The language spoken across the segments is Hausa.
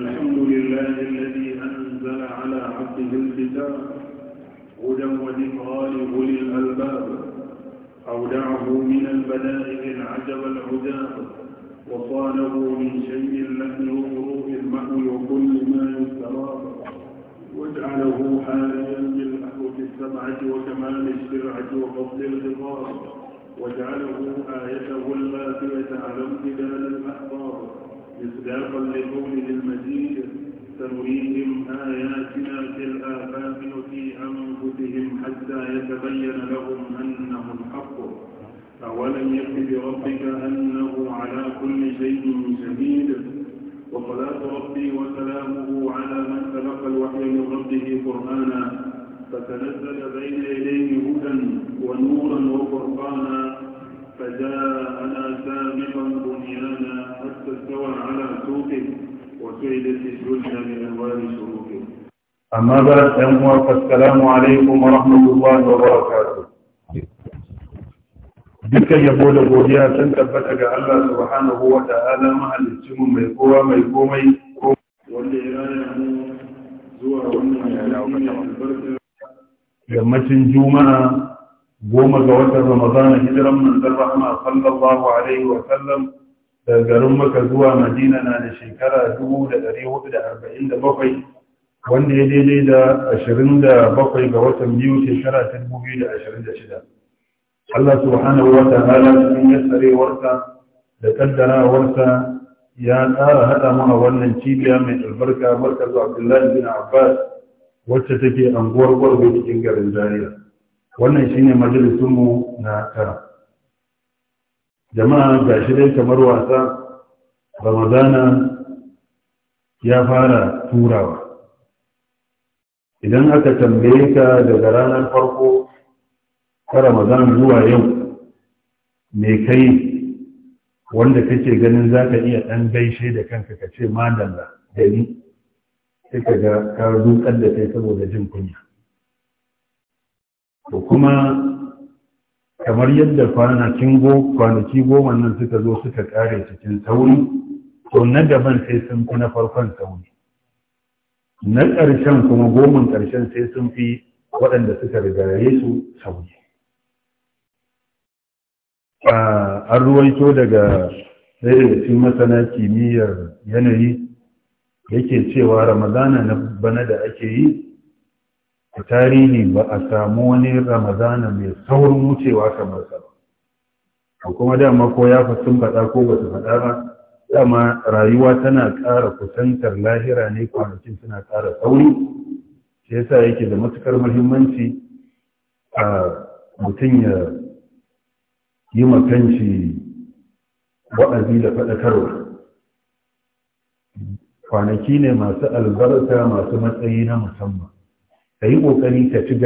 الحمد لله الذي أنزل على عبده الكتاب هدى وذكرى لأولي الألباب أودعه من البدائل العجب العجاب وصانه من شيء لحن وحروف المأوي وكل ما يستراب واجعله حاليا بالأحوة السبعة وكمال الشرعة وفضل الخطاب واجعله آيته الباقية على امتداد الأحبار مصداقا لقوله المزيد سنريهم آياتنا في الآفاق وفي أنفسهم حتى يتبين لهم أنه الحق أولم يكف بربك أنه على كل شيء شهيد وصلاة ربي وسلامه على من تلقى الوحي من ربه قرآنا فتنزل بين يديه هدى ونورا وفرقانا فجاءنا سابقا بنيانا حتى استوى على سوقه وسعدت الدنيا من انوار سلوكه اما بعد ايها فالسلام عليكم ورحمه الله وبركاته dukkan yabo da godiya sun tabbata ga Allah subhanahu wa ta'ala mahalicci mu mai kowa mai komai wanda ya raya mu zuwa wannan yammacin juma'a goma ga watan ramadana hijiran manzon rahama sallallahu alaihi wa sallam da garin maka zuwa madina na da shekara 1447 wanda ya daidai da 27 ga watan biyu shekara ta 2026 Allah subhanahu wa ta'ala cikin yassarewarsa da kaddarawarsa ya tsara haɗa mu a wannan cibiya mai albarka markazu abdullahi bin abbas wacce take anguwar gwarbe cikin garin zaria wannan shine majalisunmu na tara jama'a ga shi dai kamar wasa ramadana ya fara turawa idan aka tambaye ka daga ranar farko ta ramadan zuwa yau me kai wanda kake ganin za ka iya ɗan gaishe da kanka ka ce madalla da ni sai ka ga ka dukar da kai saboda jin kunya to kuma kamar yadda kwanakin kwanaki goma nan suka zo suka kare cikin sauri to na daban sai sun fi na farkon sauri na ƙarshen kuma goman ƙarshen sai sun fi waɗanda suka rigaraye su sauri an ruwaito daga ɗaya da cikin masana kimiyyar yanayi yake cewa ramadana na bana da ake yi a tarihi ba a samu wani ramadana mai saurin wucewa kamar sa ba kuma dama ko ya fi sun faɗa ko ba su faɗa ba dama rayuwa tana ƙara kusantar lahira ne kwanakin suna ƙara sauri shi yasa yake da matukar muhimmanci a mutum ya yi makanci wa'azi da faɗakarwa kwanaki ne masu albarka masu matsayi na musamman ka yi ƙoƙari ka ci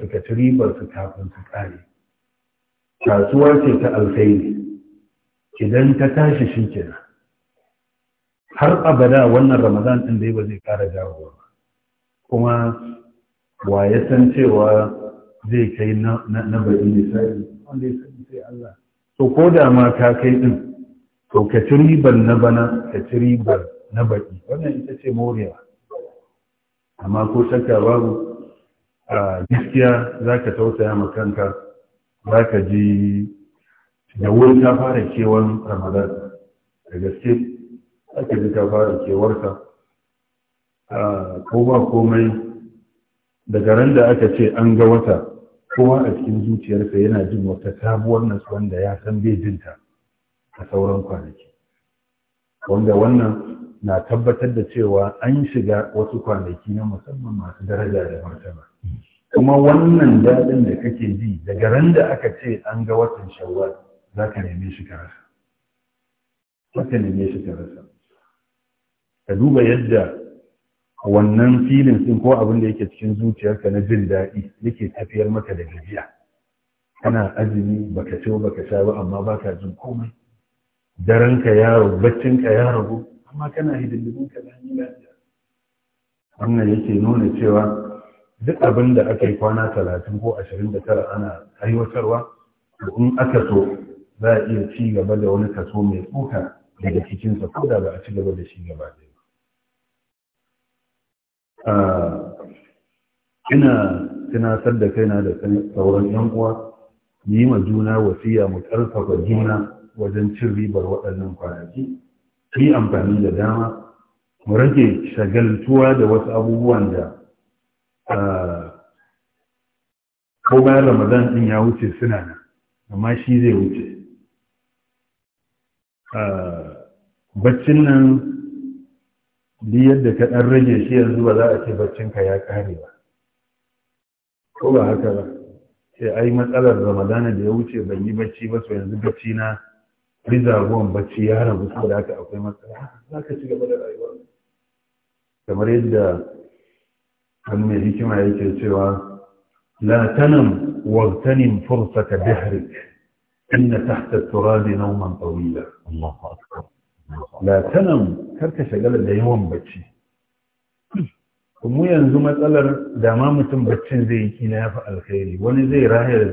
su ka ci ribarsu kafin su ƙare kasuwa ce ta alkhairi idan ta tashi shi kenan har abada wannan ramadan ɗin dai ba zai ƙara jawo ba kuma wa ya san cewa zai kai na bari sai wanda ya sani sai Allah to ko da ma ka kai ɗin to ka ci ribar na bana ka ci ribar na baɗi. wannan ita ce Moriya. amma ko shakka babu gaskiya za ka tausaya ma kanka za ka ji da wuri ta fara kewan ramadan da gaske za ka ji ta fara kewarsa ko ba komai daga ran da aka ce an ga wata kowa a cikin zuciyarsa yana jin wata sabuwar nasu wanda ya san bai jinta a sauran kwanaki wanda wannan na tabbatar da cewa an shiga wasu kwanaki na musamman masu daraja da martaba kuma wannan daɗin da kake ji daga ran da aka ce an ga watan shawar za ka neme shi ka rasa za ka neme shi ka rasa ka duba yadda wannan filin sun ko abin da yake cikin zuciyarka na jin daɗi yake tafiyar maka da gajiya kana azumi baka ciwo baka sha ba amma baka jin komai daranka ya ragu baccinka ya ragu amma kana hidindimin ka na lafiya wannan yake nuna cewa duk abin da aka yi kwana talatin ko ashirin da tara ana aiwatarwa in aka so za a iya ci gaba da wani kaso mai tsoka daga cikinsa ko da ba a ci gaba da shi gaba ɗaya ina san da kaina da sauran yan uwa yi ma juna wasiya mu karfafa juna wajen cin ribar waɗannan kwanaki yi amfani da dama mu rage shagaltuwa da wasu abubuwan da Ah, ko bayan ramadan din ya wuce suna nan amma shi zai wuce ah, baccin nan duk yadda ka ɗan rage shi yanzu ba za a ce ka ya ƙare ba ko ba haka ba sai ai matsalar ramadana da ya wuce ban yi bacci ba so yanzu bacci na riza rizagon bacci ya rabu saboda haka akwai matsala za ka ci gaba da rayuwa kamar yadda wani mai hikima yake cewa la tanam wagtanim fursata dahrik inna tahta at-turab nawman tawila Allahu akbar la tanam karka shagala da yawan bacci mu yanzu matsalar dama mutum baccin zai yi kila yafi alkhairi wani zai rahayar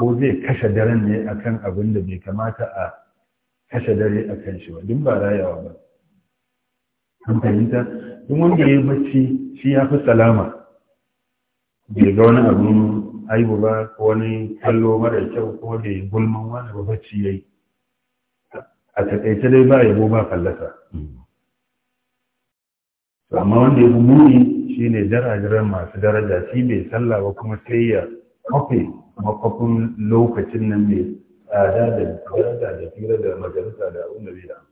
ko zai kashe daren ne akan abin da bai kamata a kashe dare akan shi ba duk ba rayawa ba an fahimta in wanda ya yi bacci shi ya fi salama bai ga wani abu aibu ba ko wani kallo mara kyau ko da ya gulman wani ba bacci ya yi a takaice dai ba yabo ba fallasa amma wanda ya fi muni shi ne jarajiran masu daraja shi bai sallah ba kuma sai ya kwafe makwafin lokacin nan mai tsada da tsada da tsira da majalisa da abin da bai da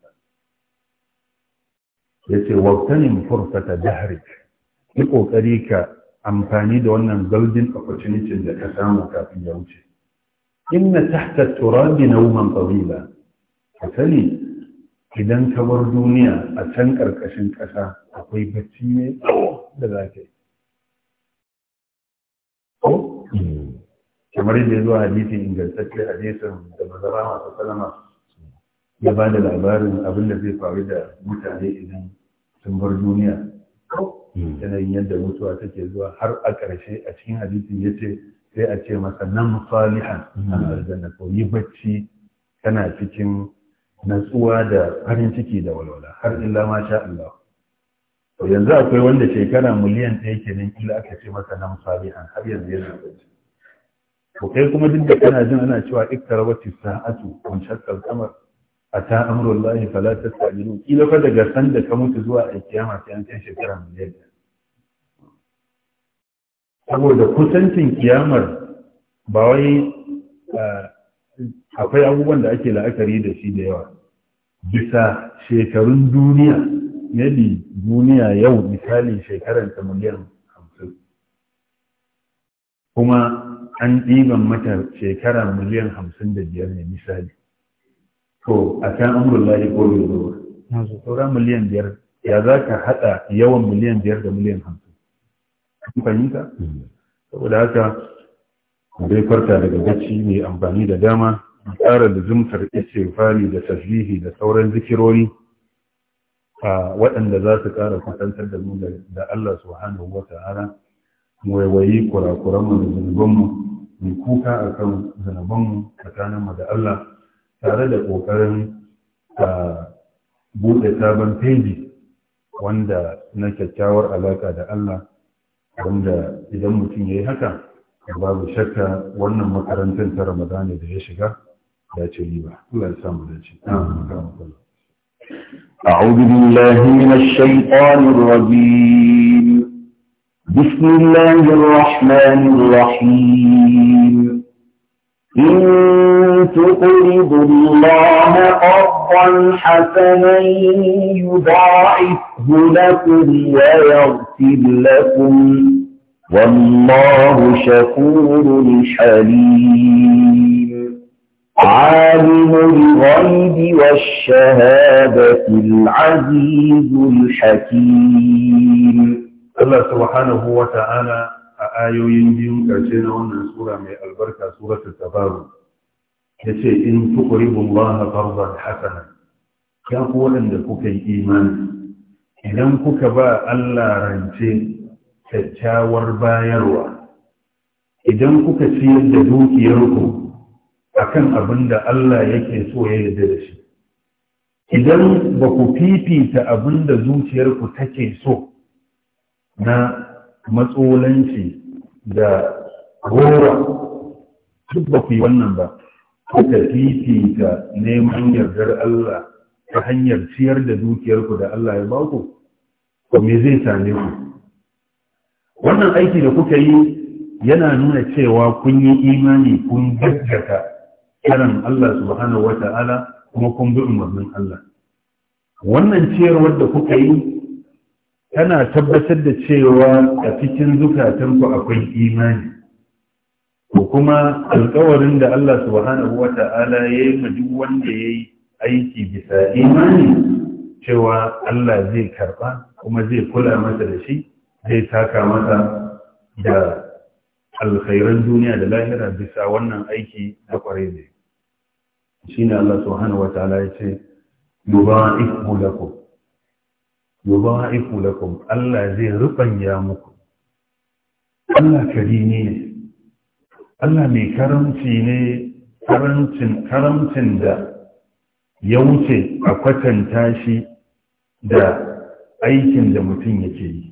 yace ce wautanin furfata dahrik ki kokari ka amfani da wannan golden opportunity da ka samu kafin ya wuce inna tahta turabi nauman tawila ka idan ka bar duniya a can karkashin kasa akwai bacci ne da za ka yi kamar yadda zuwa hadisin ingantacce hadisin da mazaba masu salama ya ba da labarin abin da zai faru da mutane idan sun bar duniya hmm. yanayin yadda mutuwa take zuwa har a ƙarshe a cikin hadisin ya ce sai a ce masa nan salihan a hmm. aljanna ko yi bacci tana cikin natsuwa da farin ciki da walwala har illa ma sha Allah to yanzu akwai wanda shekara miliyan ɗaya kenan kila aka ce masa nan salihan har yanzu yana bacci to kai kuma duk da kana jin ana cewa iktarabati sa'atu wancan kalkamar Ata amrul fala ta kila fa daga san da ka mutu zuwa alkiyama sai an kai shekara miliyan saboda kusancin kiyamar ba wai akwai abubuwan da ake la'akari da shi da yawa bisa shekarun duniya yadda duniya yau misali ta miliyan hamsin kuma an ɗiban mata shekara miliyan hamsin da biyar ne misali to a can amurin lahi ko bai zo ba saura miliyan biyar ya za ka haɗa yawan miliyan biyar da miliyan hamsin kun fahimta hmm. saboda haka bai farta daga bacci mai amfani da dama tsara da zumtar fari da tasbihi da sauran zikirori a waɗanda za su ƙara kusantar da mu da Allah subhanahu wa ta'ala waiwayi kurakuranmu da zunubanmu mai kuka akan zunubanmu tsakaninmu da Allah tare da ƙoƙarin buɗe sabon feji wanda na kyakkyawar alaƙa da Allah wanda idan mutum ya yi haka babu shakka wannan makarantar ta ramadani da ya shiga ya ce riba Allah ya samu da ce أعوذ بالله من الشيطان الرجيم بسم الله الرحمن الرحيم إن تقرضوا الله قرضا حسنا يضاعفه لكم ويغفر لكم والله شكور حليم عالم الغيب والشهادة العزيز الحكيم الله سبحانه وتعالى ayoyin biyun ƙarshe na wannan sura mai albarka ta tabaru ce in tuqribu Allah qardan hasana ya ku waɗanda kuka yi imani idan kuka ba Allah rance kyakkyawar bayarwa idan kuka ciyar da dukiyarku akan abin da Allah yake so ya yarda da shi idan ba ku fifita abin da zuciyarku take so na matsolanci da gora duk ba ku yi wannan ba kuka fifita neman yardar Allah ta hanyar ciyar da dukiyarku da Allah ya ba ku ko me zai same ku wannan aiki da kuka yi yana nuna cewa kun yi imani kun gaggata kiran Allah subhanahu wata'ala kuma kun bi umarnin Allah wannan ciyarwar da kuka yi tana tabbatar da cewa a cikin zukatanku akwai imani ko kuma alkawarin da Allah subhanahu wa ta'ala ya yi ma duk wanda ya yi aiki bisa imani cewa Allah zai karɓa kuma zai kula masa da shi zai taka masa da alkhairan duniya da lahira bisa wannan aiki da kwarai ne shi ne Allah subhanahu wa ta'ala ya ce da lakum yudha'ifu lakum Allah zai rubanya muku Allah karimi ne Allah mai karamci ne karamcin karamcin da ya wuce a kwatanta shi da aikin da mutum yake yi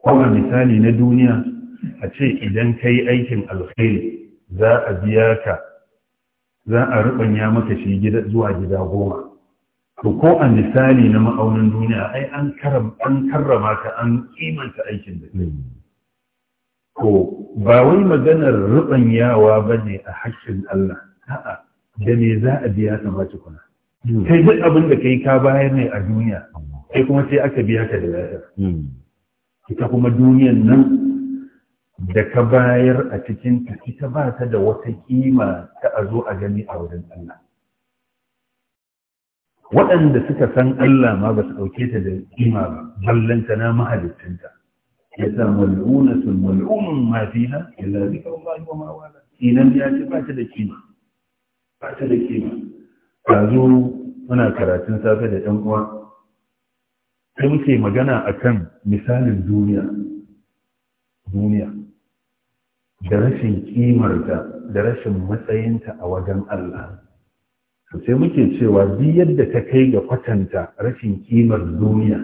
kuma misali na duniya a ce idan ka yi aikin alkhairi za a biya ka za a rubanya maka shi zuwa gida goma to ko a misali na ma'aunin duniya ai an karrama ka an kimanta aikin da kai hmm. to ba wai maganar rubanyawa ba ne a haƙƙin Allah a'a da me za a biya ta mace kuna? Hmm. kai duk abin da kai ka bayar ne a duniya hmm. kai kuma sai aka biya ka da lafiya ita kuma duniyan nan da ka bayar a cikin ta ita ba ta da wata kima ta a zo a gani a wurin Allah waɗanda suka san Allah ma ba su ɗauke ta da kima ba ballanta na mahalittinta ya sa mal'una sun mal'unun ma fiha illa zika Allah wa ma wala idan ya ce ba ta da kima ba ta da kima ka zo muna karatun safe da ɗan uwa sai muke magana akan misalin duniya duniya da rashin kimarta da rashin matsayinta a wajen Allah sai muke cewa duk yadda ka kai ga kwatanta rashin kimar duniya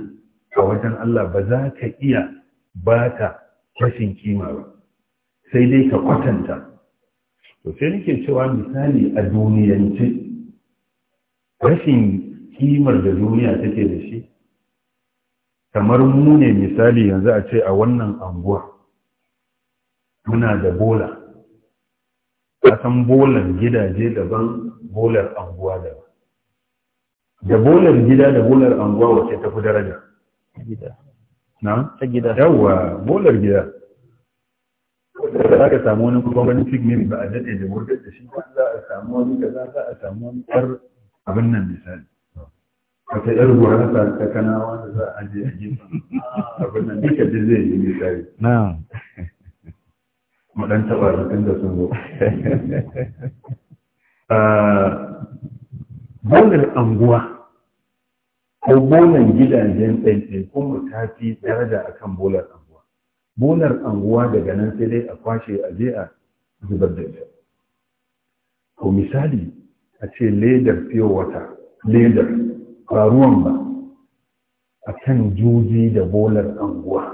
a wajen Allah ba za ka iya ba ta rashin kima ba sai dai ka kwatanta to sai nake cewa misali a duniyance rashin kimar da duniya take da shi kamar mu ne misali yanzu a ce a wannan anguwa muna da bola kasan bolan gidaje daban bolar anguwa da da bolar gida da bolar anguwa wace tafi daraja gida na ta gida yawa bolar gida za ka samu wani gwamnati figmin ba a daɗe da wurgar da shi za a samu wani ka za a samu wani kar abin nan misali ta yar gurasa ta kana wanda za a ajiye a gefen abin nan duka da zai yi misali na mu dan taɓa da sun zo Eh, bonar anguwa ko bonar gidajen ɗanɗe, mu ta fi daraja akan bonar anguwa bonar anguwa daga nan sai dai a kwashe a je a zubar da ita ko misali a ce ledar fiye wata ledar faruwan ba a kan juji da bolar anguwa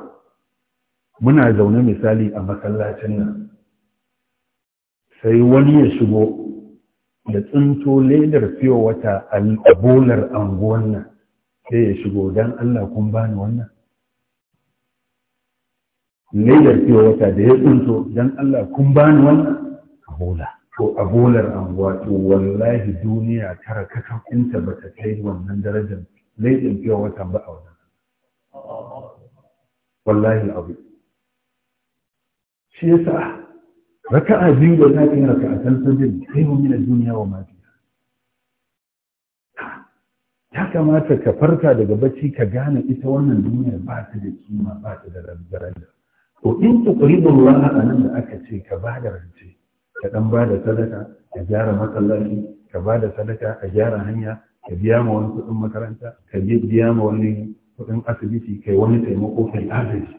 muna zaune misali a masallacin nan sai wani ya shigo da tsinto ledar fiye wata bolar anguwan nan sai ya shigo don Allah kun bani wannan ledar fiye wata da ya tsinto don Allah kun bani wannan A abola ko bolar anguwa to wallahi duniya tara kakakinta ba ta kai wannan darajar ledar fiye wata ba a wannan wallahi abu shi yasa raka'a biyu da za ka yi raka'a san sabin sai mun mina duniya wa mafi ya kamata ka farka daga bacci ka gane ita wannan duniya ba ta da kima ba ta da daraja to in tuqribul a nan da aka ce ka ba da rance ka dan ba da sadaka ka gyara masallaci ka ba da sadaka ka gyara hanya ka biya ma wani kuɗin makaranta ka biya ma wani kuɗin asibiti kai wani taimako kai agaji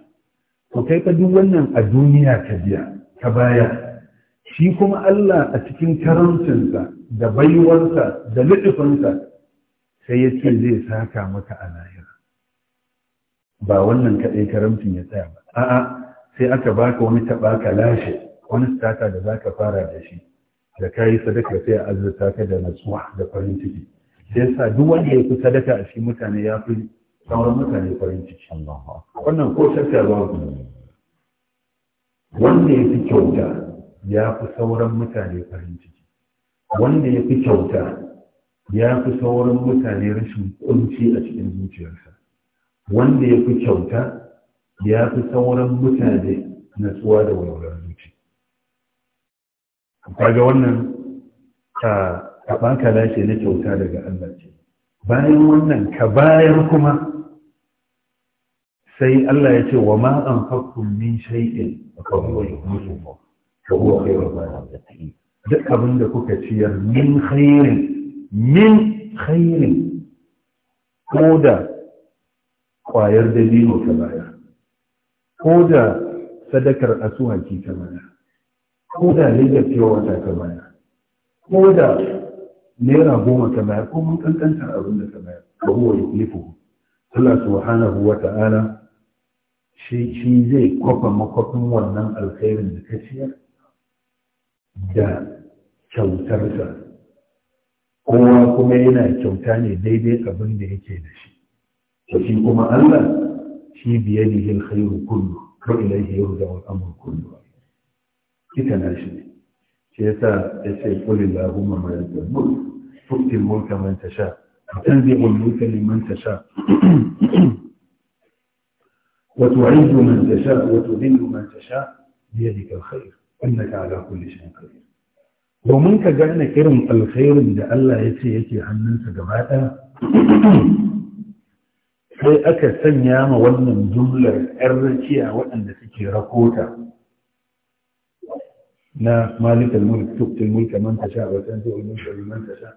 to kai ka duk wannan a duniya ka biya ka baya, shi kuma Allah a cikin karancinsa da baiwarsa da liɗifinsa sai ya ce zai saka maka a lahira ba wannan kaɗai karamcin ya tsaya ba a'a sai aka baka wani taɓa ka lashe wani stata da za ka fara da shi da ka yi sadaka sai a azurta ka da natsuwa da farin ciki sai sa duk wanda ya fi sadaka a shi mutane ya fi sauran mutane farin ciki wannan ko shakka ba wanda ya fi kyauta ya fi sauran mutane farin ciki wanda ya fi kyauta ya fi sauran mutane rashin kunci a cikin zuciyarsa wanda ya fi kyauta ya fi sauran mutane natsuwa da walwalar zuci kaga wannan ka baka lashe na kyauta daga Allah ce bayan wannan ka bayan kuma sai Allah ya ce wa ma an fakkun min shay'in fa huwa yuhyikum fa huwa khayrun min duk abin da kuka ciyar min khairin min khairin ko da kwayar dabino ta bayar ko da sadakar asuwaki ta bayar ko da lagos cewa wata ta bayar ko da naira goma ta bayar ko mun kankanta abin da ta bayar ba huwa yuhyikum Allah subhanahu wa ta'ala shi shi zai kwafa makwafin wannan alkhairin da ka ciyar da kyautarsa kowa kuma yana kyauta ne daidai abin da yake da shi shi kuma Allah shi da yin khairu kullu wa ilayhi yurja da amru kullu kita na shi ne shi yasa yace qul allahumma malikal mulk tu'ti al-mulka man tasha وتنزع الملك لمن تشاء وتعز من تشاء وتذل من تشاء بيدك الخير إنك على كل شيء قدير domin ka gane irin alkhairin da Allah ya ce yake hannunsa gaba ɗaya sai aka sanya ma wannan jumlar 'yan rakiya waɗanda suke rakota na malikal mulk tuktul mulka man tasha wa tanzi'ul mulka liman tasha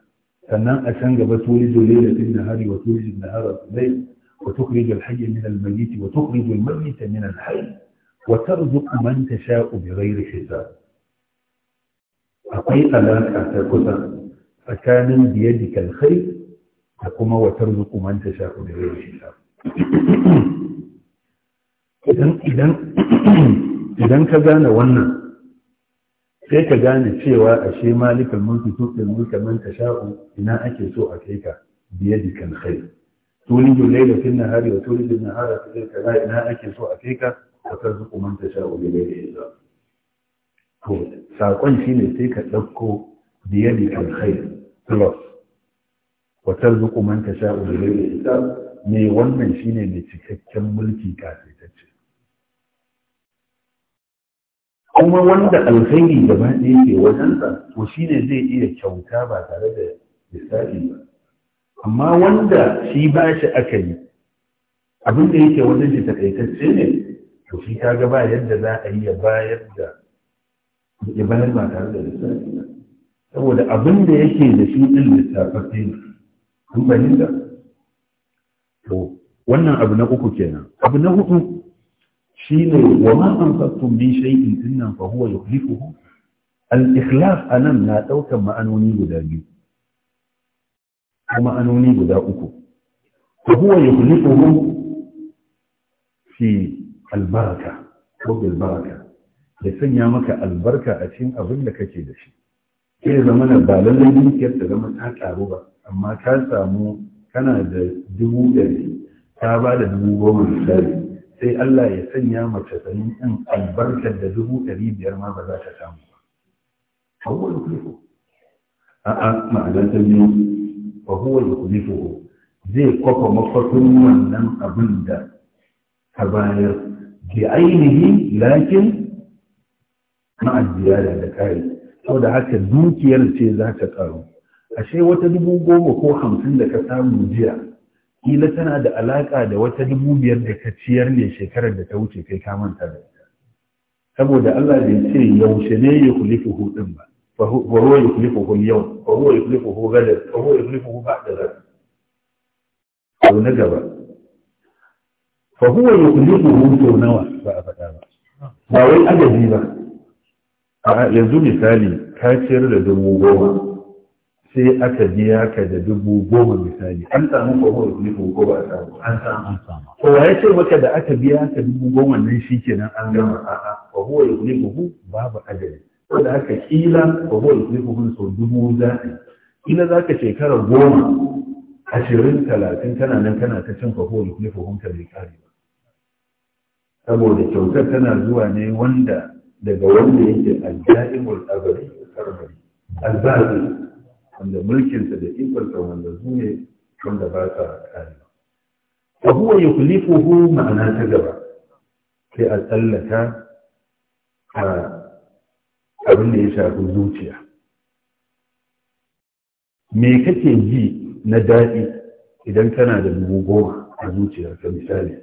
sannan a can gaba tuli dole da tin nahari wa tuli din nahara layl وتخرج الحي من الميت وتخرج الميت من الحي وترزق من تشاء بغير حساب أقي ألاك أتاكسا فكان بيدك الخير تقوم وترزق من تشاء بغير حساب idan idan idan ka gane wannan sai ka gane cewa ashe malikal mulki tuqil mulka man ina ake so a kai ka kan alkhair tuni تولج الليل في النهار وتولج النهار في الليل كما إنها أكل سوء فيك وترزق من تشاء da حساب to saƙon shine sai ka ɗauko biyadi alkhair plus wata zuku man ta sha ulule da ita ne wannan shine mai cikakken mulki kafetacce kuma wanda alkhairi gaba ɗaya ke wajensa to shine zai iya kyauta ba tare da lissafi ba amma wanda shi ba shi aka yi abin da yake wannan shi takaitacce ne to shi ka ga ba yadda za a yi ya bayar da ya bayar ba tare da lissafi saboda abin da yake da shi din lissafaffe ne an fahimta to wannan abu na uku kenan abu na hudu shine wa ma anfaqtum bi shay'in inna fa huwa yukhlifuhu al-ikhlaf anan na daukan ma'anoni guda biyu Kuma anoni guda uku fa huwa yukhliquhum fi albaraka ko bil ya sanya maka albarka a cikin abin da kake da shi sai zama na ba lallai dukiyar ta zama ta karu ba amma ka samu kana da dubu ɗari ta ba da dubu goma da sai Allah ya sanya mace sanin in albarkar da dubu ɗari biyar ma ba za ta samu ba. Abubuwan kuliko. A'a a ta biyu fa huwa yukhlifuhu zai kwafa makwafin wannan abin da ka bayar bi ainihi lakin ma'ajiyar da kare saboda haka dukiyar ce za ta karu ashe wata dubu goma ko hamsin da ka samu jiya Hila tana da alaƙa da wata dubu biyar da ka ciyar ne shekarar da ta wuce kai ka manta da ita saboda Allah bai ce yaushe ne ya kulifi hudun ba وهو يخلفه اليوم وهو يخلفه غدا وهو يخلفه بعد غد أو نجبا فهو يخلفه سونوا فأبدا ba wai adadi ba a yanzu misali ka ciyar da dubu goma sai aka biya ka da dubu goma misali an samu kwamo da kuma ko ba a samu an samu to ya ce maka da aka biya ka dubu goma nan shi kenan an gama a'a kwamo da kuma babu adadi wanda aka kila ba bol sau dubu za a kila za ka shekara goma ashirin talatin kana nan kana ta cin fahol ne yusufuhun ka kare ba saboda kyautar tana zuwa ne wanda daga wanda yake aljaimul abari karbari albazi wanda mulkinsa da ikonsa wanda zuwa wanda ba sa kare fa ma'ana ta gaba sai a tsallaka a abin da ya shafi zuciya me kake ji na daɗi idan kana da dubu goma a zuciyarka misali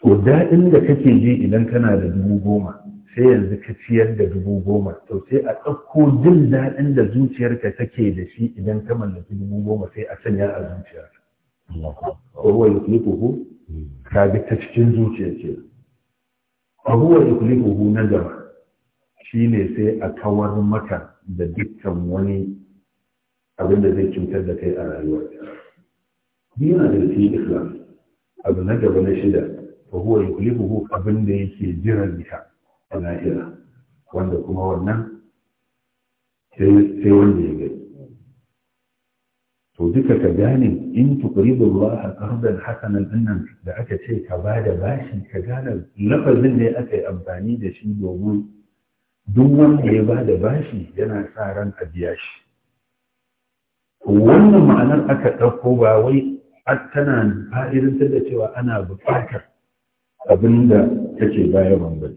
to daɗin da kake ji idan kana da dubu goma sai yanzu ka ciyar da dubu goma to sai a ɗauko jin daɗin da zuciyarka take da shi idan ka mallaki dubu goma sai a sanya a zuciyarka وهو يخلقه كابت تشكين زوجي أكيد وهو na gaba shine sai a kawar maka da dukkan wani abin da zai cutar da kai a rayuwar yana da cikin islam abu na gaba na shida fa huwa yukhlifuhu abin da yake jiran ka a lahira wanda kuma wannan sai wanda ya gani to duka ka gane in tuqridu a qardan hasanan dinnan da aka ce ka bada bashi ka gane lafazin da aka yi amfani da shi domin duk wanda ya ba da bashi yana sa ran a biya shi wannan ma'anar aka ɗauko ba wai tana fa’irin da cewa ana buƙatar abin da take baya bambam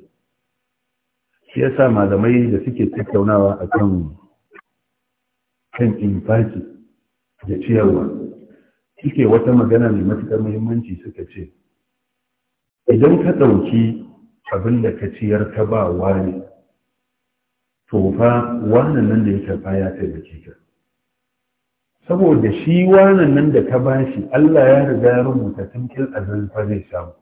shi ya sa malamai da suke tattaunawa a kan kan infaki da ciyarwa suke wata magana mai matuƙar muhimmanci suka ce idan ka ɗauki abin da ka ciyar ka ba wani Tofa, wannan nan da ya karfa ya da ka saboda shi wannan nan da ka bashi Allah ya riga ya rubuta tankin azan fa zai samu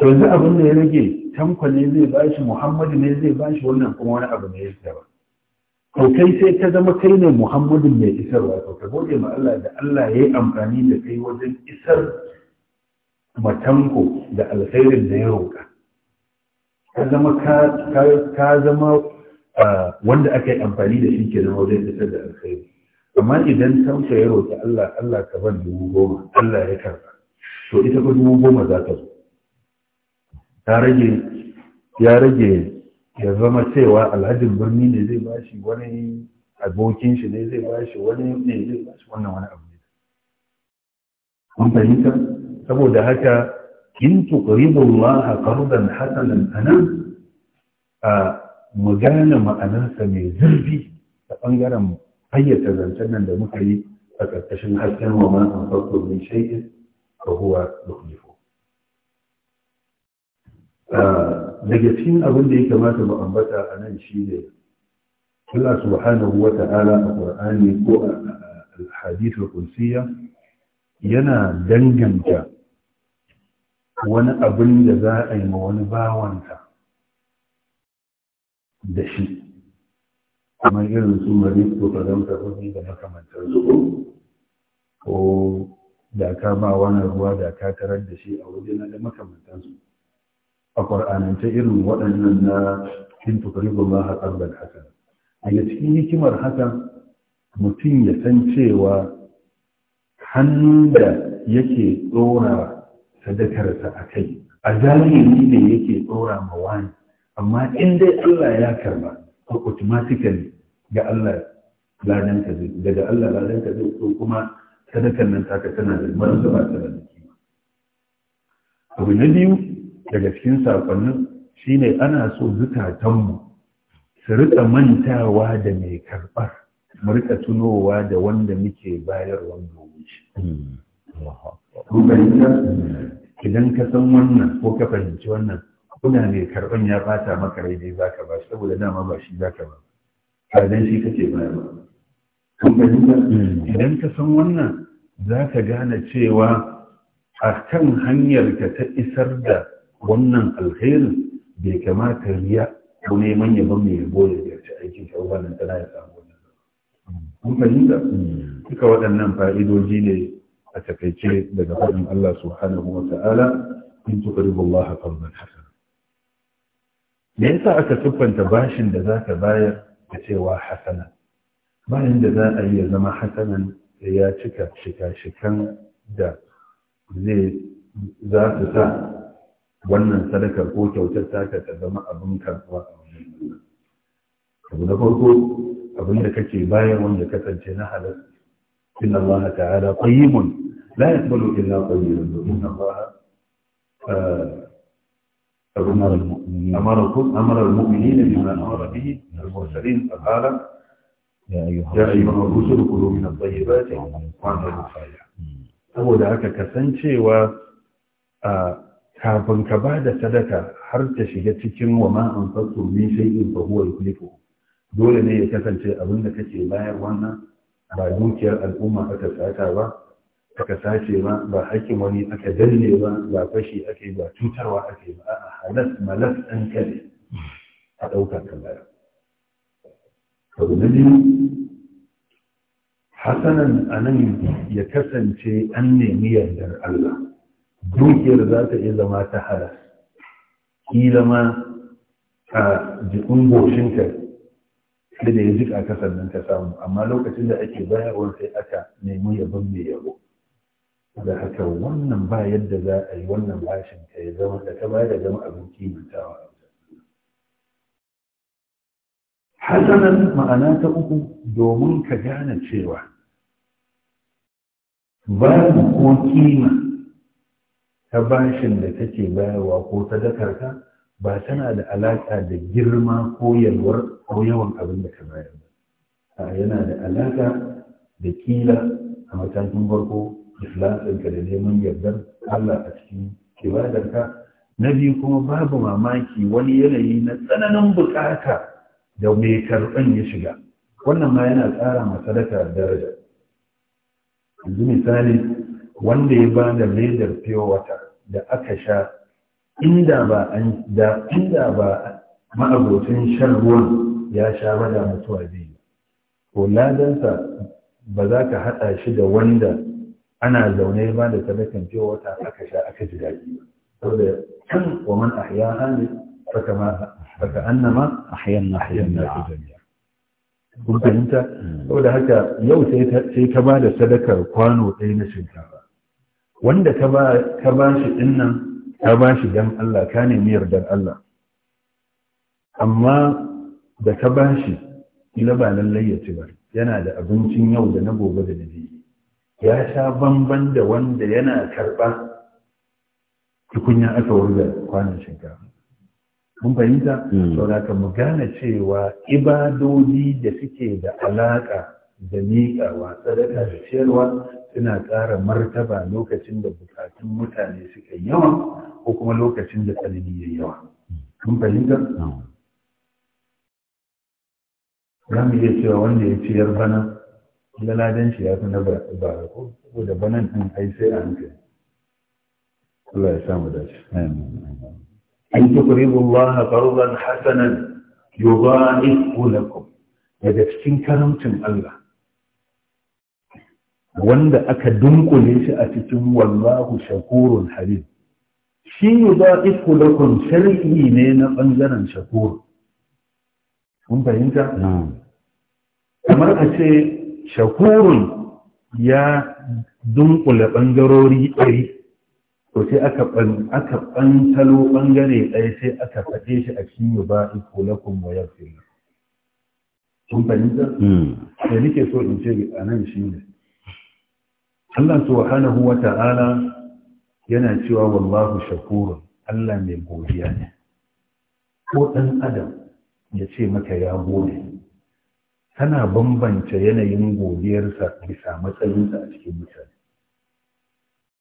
to yanzu abin da ya rage Tanko ne zai bashi Muhammadu ne zai bashi wannan kuma wani abu ne ya ba to kai sai ka zama kai ne Muhammadu mai isarwa to ka gode ma Allah da Allah ya yi amfani da kai wajen isar matanko da alkhairin da ya roƙa ka zama ka zama wanda aka yi amfani da shi ke zama wajen isar da alkhairi amma idan tamsa ya roƙi Allah Allah ka ban dubu goma Allah ya karɓa to ita ko dubu goma za ta zo ta rage ya rage ya zama cewa alhajin birni ne zai ba shi, wani abokin shi ne zai ba shi, wani ne zai ba shi wannan wani abu ne kun fahimta saboda haka in tuqridu Allah qardan hasanan anan mu gane ma'anarsa mai zurfi ta ɓangaren hayyata zancen nan da muka yi a ƙarƙashin hasken wa ma an farko min shay'in fa huwa ah, daga cikin abin da ya kamata mu ambata a nan shine Allah subhanahu wa ta'ala a Qur'ani ko a al-hadith yana danganta wani abin da za a yi ma wani bawansa da shi kamar irin su maristo ka ta kudi da makamantar zuɓo ko da ka ba wani ruwa da ka karar da shi a waje wajen da su a ƙwar'anance irin waɗannan na in tukaribun ma haƙarɓar hakan daga cikin hikimar hakan mutum ya san cewa hannun da yake tsora sadakarsa a kai a zahiri ne yake tsora ma wani amma in dai Allah ya karba to automatically ga Allah ladan ka zai daga Allah ladan ka zai kuma sadakan nan taka tana da marzuba ta da kima abu na biyu daga cikin sakonnin shine ana so zukatanmu su rika mantawa da mai karbar mu rika tunowa da wanda muke bayarwa domin shi hmm. idan ka san wannan ko ka fahimci wannan kuna mai karɓar ya bata maka rai dai zaka ba shi, saboda dama ba shi zaka ba ba dan shi kake baya ba hmm. idan ka san wannan zaka gane cewa a kan hanyar ka ta isar da wannan alkhairin bai kamata riya ko neman yabon mai yabo da yarci aikin ka wannan tana ya samu wannan. kun fahimta hmm. duka waɗannan fa'idoji ne a takaice daga faɗin Allah subhanahu wa ta'ala in tuqribu Allah qardan hasan me yasa aka siffanta bashin da za ka bayar da cewa hasana bayan da za a yi ya zama hasanan da ya cika shika-shikan da zai za su sa wannan sadaka ko kyautar taka ta zama abin karɓuwa a abu na farko abin da kake bayan wanda kasance na halar in Allah ta'ala qayyimun la yaqbalu illa qayyimun Allah eh, أمر المؤمنين أمركم أمر المؤمنين بما أمر به المرسلين فقال يا أيها الرسل كلوا من الطيبات وأنتم صالحون saboda haka kasancewa a kafin ka ba da sadaka har ta shiga cikin wa ma an fasu min shay'in fa huwa yukhlifu dole ne ya kasance abin da kake bayar wannan ba dukiyar al'umma aka sata ba aka sace ba ba hakkin wani aka danne ba ba fashi ake, ba cutarwa ake yi ba a halas malas ɗan kare a ɗaukar kamar abu na biyu Hassanan a nan ya kasance an nemi yardar Allah dukiyar za ta iya zama ta halas ki ma a jikin goshinka da da ya jika kasar nan ka samu amma lokacin da ake bayarwar sai aka nemi yabon mai yabo da haka wannan ba yadda za a yi wannan bashin ka ya zama da ka ba da zama abin kimantawa hasanan ma'ana ta uku domin ka gane cewa babu ko kima ta bashin da take bayarwa ko ta dakarka ba tana da alaƙa da girma ko yalwar ko yawan abin da ka bayar ba yana da alaƙa da kila a matakin farko ikhlasinka da neman yardar Allah a cikin ibadarka na biyu kuma babu mamaki wani yanayi na tsananin bukata da mai karɓan ya shiga wannan ma yana tsara masadaka daraja yanzu misali wanda ya ba da ledar pure water da aka sha inda ba da inda ba ma'abocin shan ruwan ya sha ba da mutuwa zai ko ladansa ba za ka haɗa shi da wanda ana zaune ba da sadakan jiya wata aka sha aka ji daɗi saboda kan wa man ahya hali faka annama ahyan na ahyan na jami'a kun fahimta hmm. saboda haka yau sai ka ba da sadakar kwano ɗaya na shinkafa wanda ka ba shi ɗin nan ka ba shi dan Allah ka nemi yardar Allah amma da ka ba shi ila ba lallai ya ci ba yana da abincin yau da na gobe da na biyu ya sha banban da wanda yana karɓa tukunya aka wurga kwanan shinkafa mun fahimta hmm. sauraka mu gane cewa ibadodi da suke da alaƙa da miƙawa sadaka da ciyarwa suna ƙara martaba lokacin da bukatun mutane suka yawa ko kuma lokacin da tsanani ya yawa mun fahimta hmm. za mu iya cewa wanda ya ciyar bana kuma ladan shi ya fi na bara ko saboda banan ɗin ai sai a hankali Allah ya samu dace an tukribu Allah qardan hasanan yudha'ifu lakum daga cikin karamcin Allah wanda aka dunkule shi a cikin wallahu shakurun halim shi yudha'ifu lakum shar'i ne na bangaren shakur kun fahimta kamar a ce shakurun ya dunkula ɓangarori ɗari to sai aka aka ɓantalo ɓangare ɗaya sai aka faɗe shi a cikin yi ba iko lakum wa ban kun fahimta da hmm. ke so in ce a nan shi ne Allah subhanahu wa ta'ala yana cewa wallahu shakurun Allah mai godiya ne ko ɗan adam ya ce maka ya gode tana bambance yanayin godiyarsa bisa matsayinsa a cikin mutane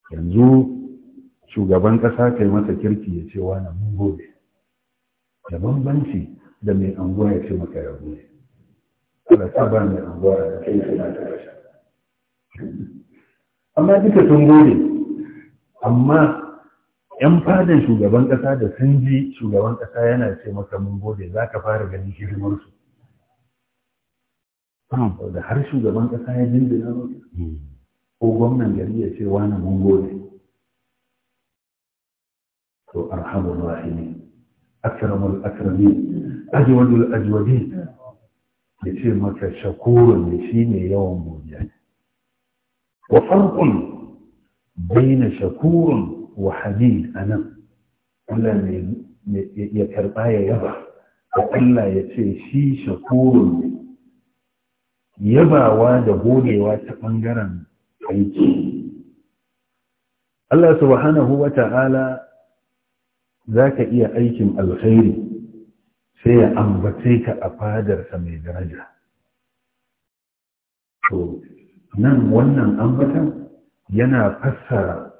yanzu shugaban ƙasa kai masa kirki ya ce wani mun gode da bambanci da mai anguwa ya ce maka ya gode alasa ba mai anguwa da kai suna ta rasha amma duka sun gode amma 'yan fadin shugaban ƙasa da sun ji shugaban ƙasa yana ce maka mun gode za ka fara ganin girmarsu da har shugaban ƙasa ya jinjina maka ko gwamnan gari ya ce wani mun gode to arhamur rahimi akramul akramin ajwadul ajwadin ya ce maka shakurun ne shine yawan godiya wa farqun baina shakurun wa hamid anan Allah ne ya karba ya yaba Allah ya ce shi shakurun ne yabawa da godewa ta ɓangaren aiki Allah subhanahu wa ta'ala za iya aikin alkhairi sai ya ambace ka a fadarsa mai daraja to nan wannan ambatan yana fassara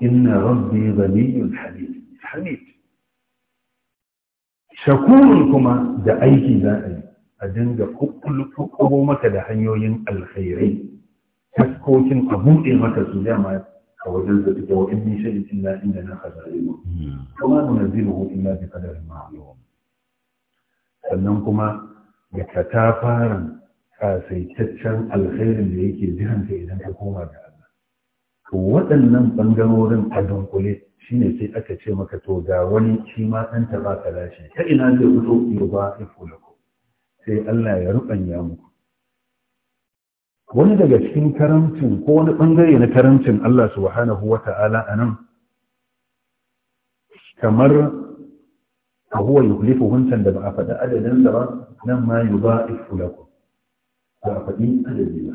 inna rabbi ghaniyyun hamid hamid shakurun kuma da aiki za a yi a dinga kukkubo maka da hanyoyin alkhairai taskokin a buɗe maka su dama a wajen da take wa in nishayin illa inda na hazari kuma hmm. mu nazilu hu illa bi qadarin ma'lum sannan kuma da katafaran kasaitaccen alkhairin da yake jiranta idan ka koma ga Allah to waɗannan bangarorin a dunkule shine sai aka ce maka to ga wani shi ma ɗan ta ba ka lashe ta ina zai fito yau ba ifu sai Allah ya ruɓanya muku wani daga cikin karamcin ko wani ɓangare na karamcin Allah subhanahu wa ta'ala a nan kamar a huwa da ba a faɗi adadin da ba nan ma yi ba ifulaku ba a faɗi adadin ba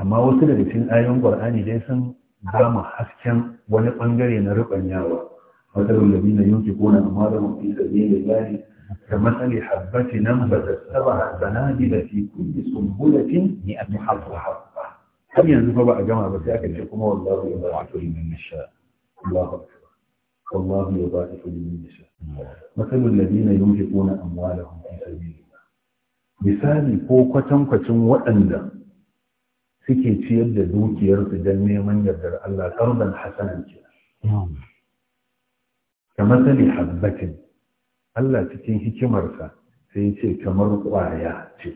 amma wasu daga cikin ayon qur'ani dai sun ba mu hasken wani ɓangare na ruɓanyawa wata rullabi na yunki ko na amma da mafi sabi da كمثل حبة نبتت سبع سنابل في كل سنبلة مئة حبة حبة هل ينزف بقى جماعة بس يأكل لكم والله يضاعف لمن يشاء الله أكبر والله يضاعف لمن يشاء مثل الذين ينفقون أموالهم في سبيل الله مثال فوق تنكتم وأندم suke سكي da دوك don neman من Allah الله hasanan حسنا نعم. كمثل حبة Allah cikin hikimarsa sai ce kamar ƙwaya ce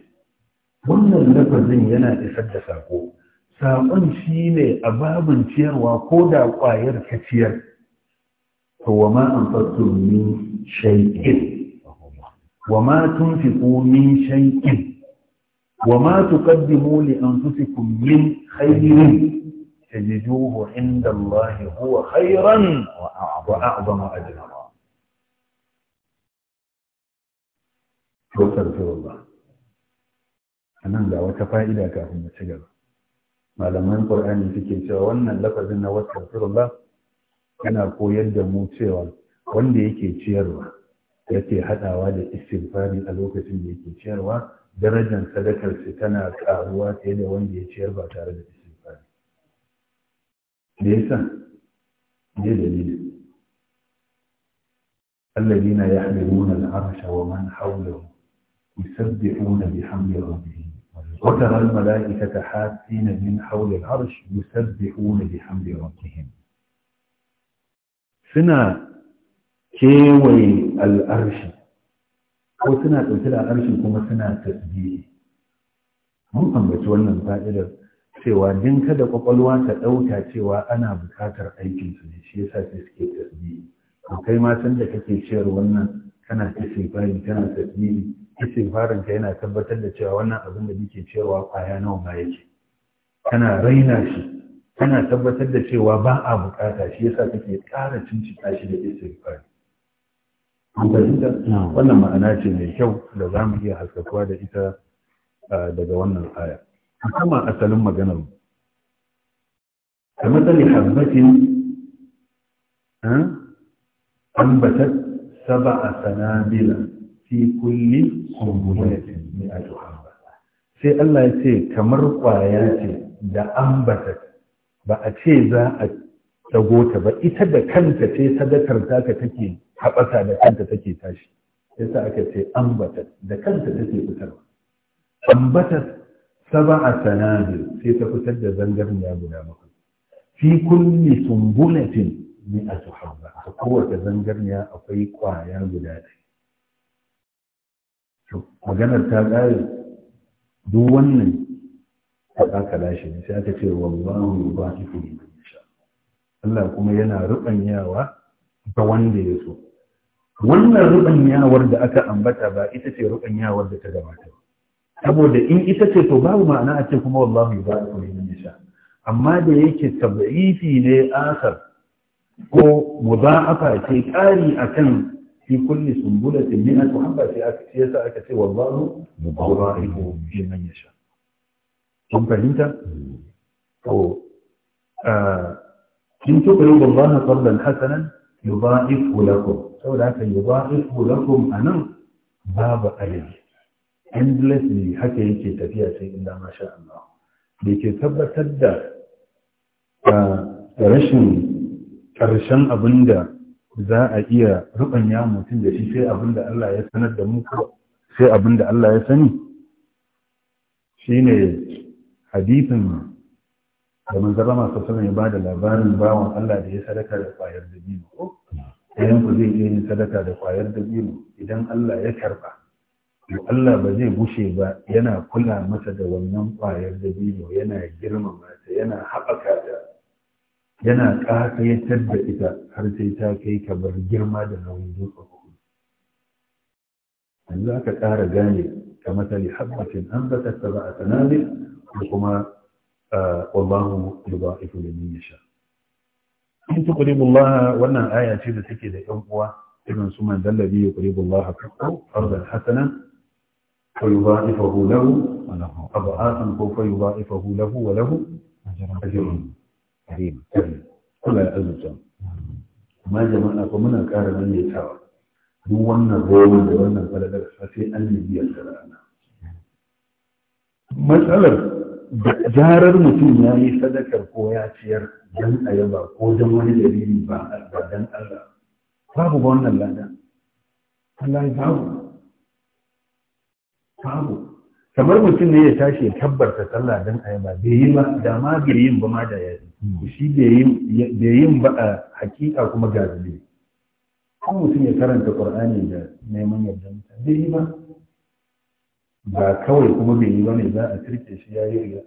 wannan lafazin yana isar da saƙo. saƙon shi ne a babin ciyarwa ko da ƙwayar ka ciyar to wa ma an fasu min shay'in wa ma tunfiqu min shay'in wa ma tuqaddimu li anfusikum min khairin tajiduhu inda Allah huwa khairan wa a'zama ajran wastaghfirullah anan ga wata fa'ida kafin mu ci gaba malaman qur'ani suke cewa wannan lafazin na wastaghfirullah yana koyar da mu cewa wanda yake ciyarwa yake hadawa da istighfari a lokacin da yake ciyarwa darajar sadakar shi tana karuwa fiye da wanda ya ciyar ba tare da istighfari me yasa ne dalili الذين يحملون العرش ومن حوله يسبحون بحمد ربهم وترى الملائكة حافين من حول العرش يسبحون بحمد ربهم سنة كيوي الأرش ko suna ɗauke da harshen kuma suna tasbihi mun ambaci cewa din kada kwakwalwa ta ɗauka cewa ana buƙatar aikin su ne shi yasa sai suke tasbihi to kai ma san da kake ciyar wannan kana ta shefari kana tasbihi farin ka yana tabbatar da cewa wannan abin da muke cewa kwaya nawa ma yake kana raina shi kana tabbatar da cewa ba a bukata shi yasa kake ƙara cincika shi da istighfari wannan ma'ana ce mai kyau da za mu iya haskakuwa da ita daga wannan aya musamman asalin maganar mu a matsalin habbatin eh, an saba a sanabila fi kulli sumbulatin mi'atu habba sai Allah ya ce kamar kwaya ce da ambata ba a ce za a dago ta ba ita da kanta ce sadakar taka take haɓasa da kanta take tashi sa aka ce ambata da kanta take fitarwa ambata sab'a sanadi sai ta fitar da zangarniya guda maka fi kulli sumbulatin mi'atu habba a kowace zangarniya akwai kwaya guda ɗaya to maganar ta ƙare duk wannan ta aka lashe ne sai aka ce wallahu yubatifu liman Allah kuma yana rubanyawa ga wanda ya so wannan rubanyawar da aka ambata ba ita ce yawar da ta gabata saboda in ita ce to babu ma'ana a ce kuma wallahu yubatifu liman yasha amma da yake tab'ifi ne asar ko mudha'afa ce ƙari akan في كل سنبلة 100 حبة في يسا أكتي والله مبارئه لمن يشاء ثم فهمت؟ أو آه، إن تقرب الله قبلا حسنا يضاعف لكم أو لا لكم أنا باب أليم endlessly haka yake tafiya sai inda masha Allah da ke tabbatar da rashin رشن abin da za a iya ya mutum da shi sai abin da Allah ya sanar da mu sai abin da Allah ya sani Shi ne hadisin da manzara masu sanar ya ba da labarin bawan Allah da ya sadaka da kwayar dabino ɗayan ku zai iya yin sadaka da kwayar dabino idan Allah ya karɓa? to Allah ba zai gushe ba yana kula masa da wannan kwayar dabino yana girmama ta yana haɓaka ta yana ƙaƙa ya da ita har sai ta kai ka bar girma da nauyin dutsen uhud yanzu aka ƙara gane ka matsali habbatin an baka saba a sanadin da kuma wallahu yudha'ifu liman yasha in tuqribu Allah wannan aya ce da take da 'yan uwa irin su man dallabi yuqribu Allah hakku ardan hasana fa yudha'ifuhu lahu wa lahu adha'afan fa yudha'ifuhu lahu wa lahu ajrun karim amma jama'a da wannan sai an matsalar da zarar mutum ya yi sadakar ko ya ciyar a ko don wani dalili ba dan Allah babu ba wannan lada Allah ya kamar mutum ne ya tashi ya tabbarta sallah don a yaba bai yi ba da ma bai yin ba ma da ya shi da yin ba a hakika kuma gazibe kan mutum ya karanta ƙwar'ani da neman yadda mutane yi ba ba kawai kuma bai yi ba ne za a turke shi ya yi riya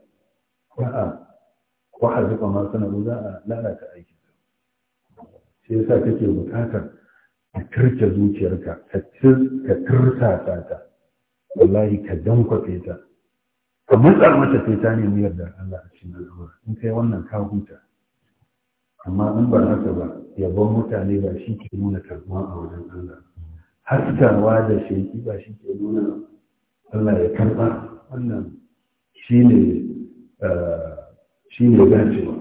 ba a kwahar zuba masu na za a lalata aiki shi sa kake bukatar ka turke zuciyarka ka tursasa ta wallahi ka dankwafe ta ka mutsar mata sai ta nemi yarda Allah a cikin al'amura in kai wannan ka huta amma in ba haka ba yabon mutane ba shi ke nuna karɓuwa a wajen Allah haskawa da sheki ba shi ke nuna Allah ya karɓa wannan shi ne eh, shi ne dacewa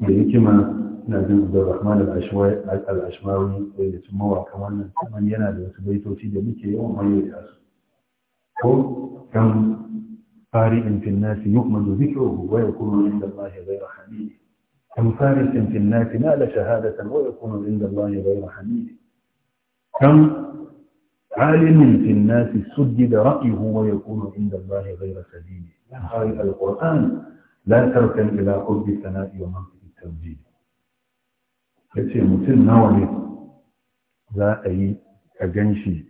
mai eh, hikima ina عبد الرحمن العشوائي العشماوي اللي da cin كمان wannan saman yana da wasu baitoci da muke yawan mayo قارئ في الناس يؤمن ذكره ويكون عند الله غير حميد كم فارس في الناس نال شهادة ويكون عند الله غير حميد كم عالم في الناس سجد رأيه ويكون عند الله غير سديد يا قارئ القرآن لا تركن إلى قرب الثناء ومنطق التوجيه ya ce mutum nawa ne za a yi a gan shi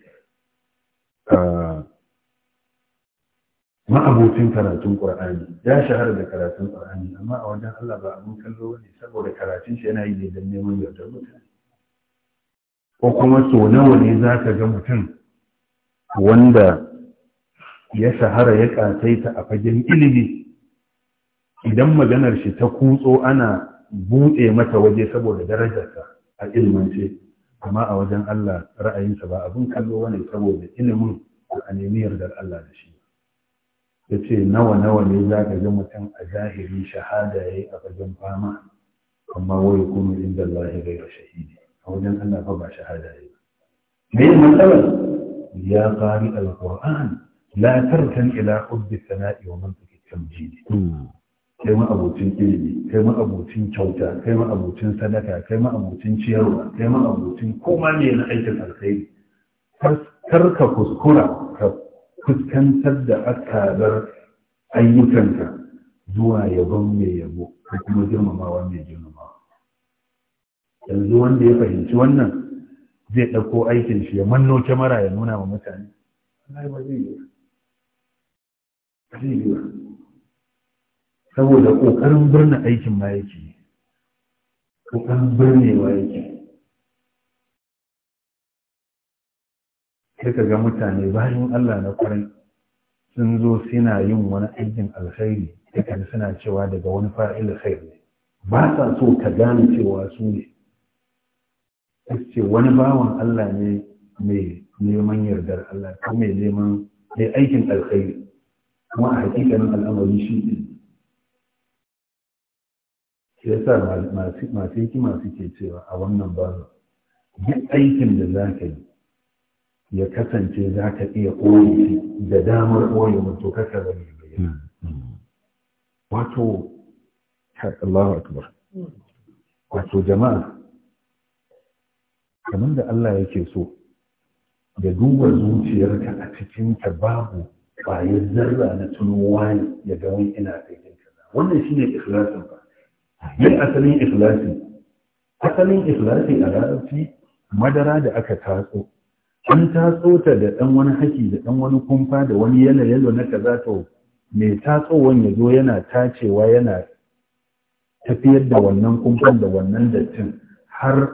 ma'abocin karatun ƙur'ani ya shahara da karatun ƙur'ani amma a wajen Allah ba abin kallo ne saboda karatun shi yana yi ne don neman yardar mutane ko kuma so nawa ne za ka ga mutum wanda ya shahara ya ƙasaita a fagen ilimi idan maganar shi ta kutso ana buɗe mata waje saboda darajarsa a ilmance amma a wajen Allah ra'ayinsa ba abin kallo bane saboda ilimin a nemiyar da Allah da shi ya ce nawa nawa ne za ka ga mutum a zahiri shahada ya a fagen fama amma wai kuma inda Allah ya shahidi a wajen Allah fa ba shahada ya yi me yin matsalar ya ƙari alƙur'an la tartan ila hubbi sana'i wa mantiki tamjidi hmm. kai ma'abocin ilimi kai ma'abocin kyauta kai ma'abocin sadaka kai ma'abocin ciyarwa kai ma'abocin koma ne na aikin alkhairi kar ka kuskura ka fuskantar da akalar ayyukanka zuwa yabon mai yabo ko kuma girmamawa mai girmamawa yanzu wanda ya fahimci wannan zai ɗauko aikin shi ya manno kyamara ya nuna wa mutane saboda ƙoƙarin birnin aikin ma yake ƙoƙarin birnewa yake sai ka ga mutane bayan Allah na kwarai sun zo suna yin wani aikin alkhairi dukan suna cewa daga wani fa'il alkhairi ne ba sa so ka gane cewa su ne ce wani bawan Allah ne mai neman yardar Allah ko mai neman mai aikin alkhairi kuma a hakikanin al'amari shi ne shi yasa masu masu ke cewa a wannan babu duk aikin da za ka yi ya kasance za ka iya koyi da damar koyi mutu kasa da mai bayan hmm, hmm. wato akbar wato jama'a kamar da Allah yake so da duba zuciyarka a cikin ka babu ƙwayar zarra na tunuwa ya ga wani ina aikin kaza wannan shine ikhlasin yin asalin ikhlasi asalin ikhlasi a larabci madara da aka taso. an taso ta da ɗan wani haki da ɗan wani kumfa da wani yalo yalo na kaza to mai tatsowan ya zo yana tacewa yana tafiyar da wannan kumfan da wannan dattin har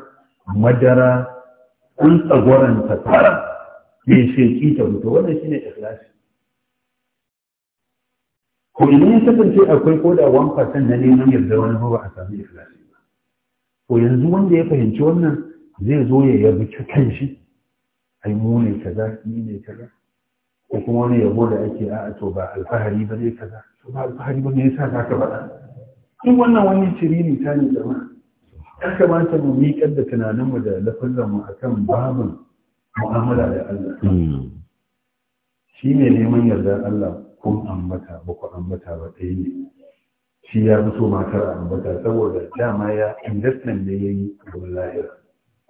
madara kun tsagoranta fara mai sheƙi ta fito wannan shine ikhlasi ko idan ya kasance akwai ko da 1% na neman yarda wani ba a sami ikhlasi ba ko yanzu wanda ya fahimci wannan zai zo ya yabi cikin shi ai mu ne kaza ni ne kaza ko kuma wani yabo da ake a to ba alfahari ba ne kaza to ba alfahari ba ne yasa za ka faɗa in wannan wani ne ta ne jama'a ya kamata mu miƙar da tunaninmu da lafazanmu a kan babin mu'amala da Allah hmm. shi ne neman yarda Allah kun ambata ba ku ambata ba ɗaya ne shi ya fi so matar a ambata saboda dama ya investment da ya yi a lahira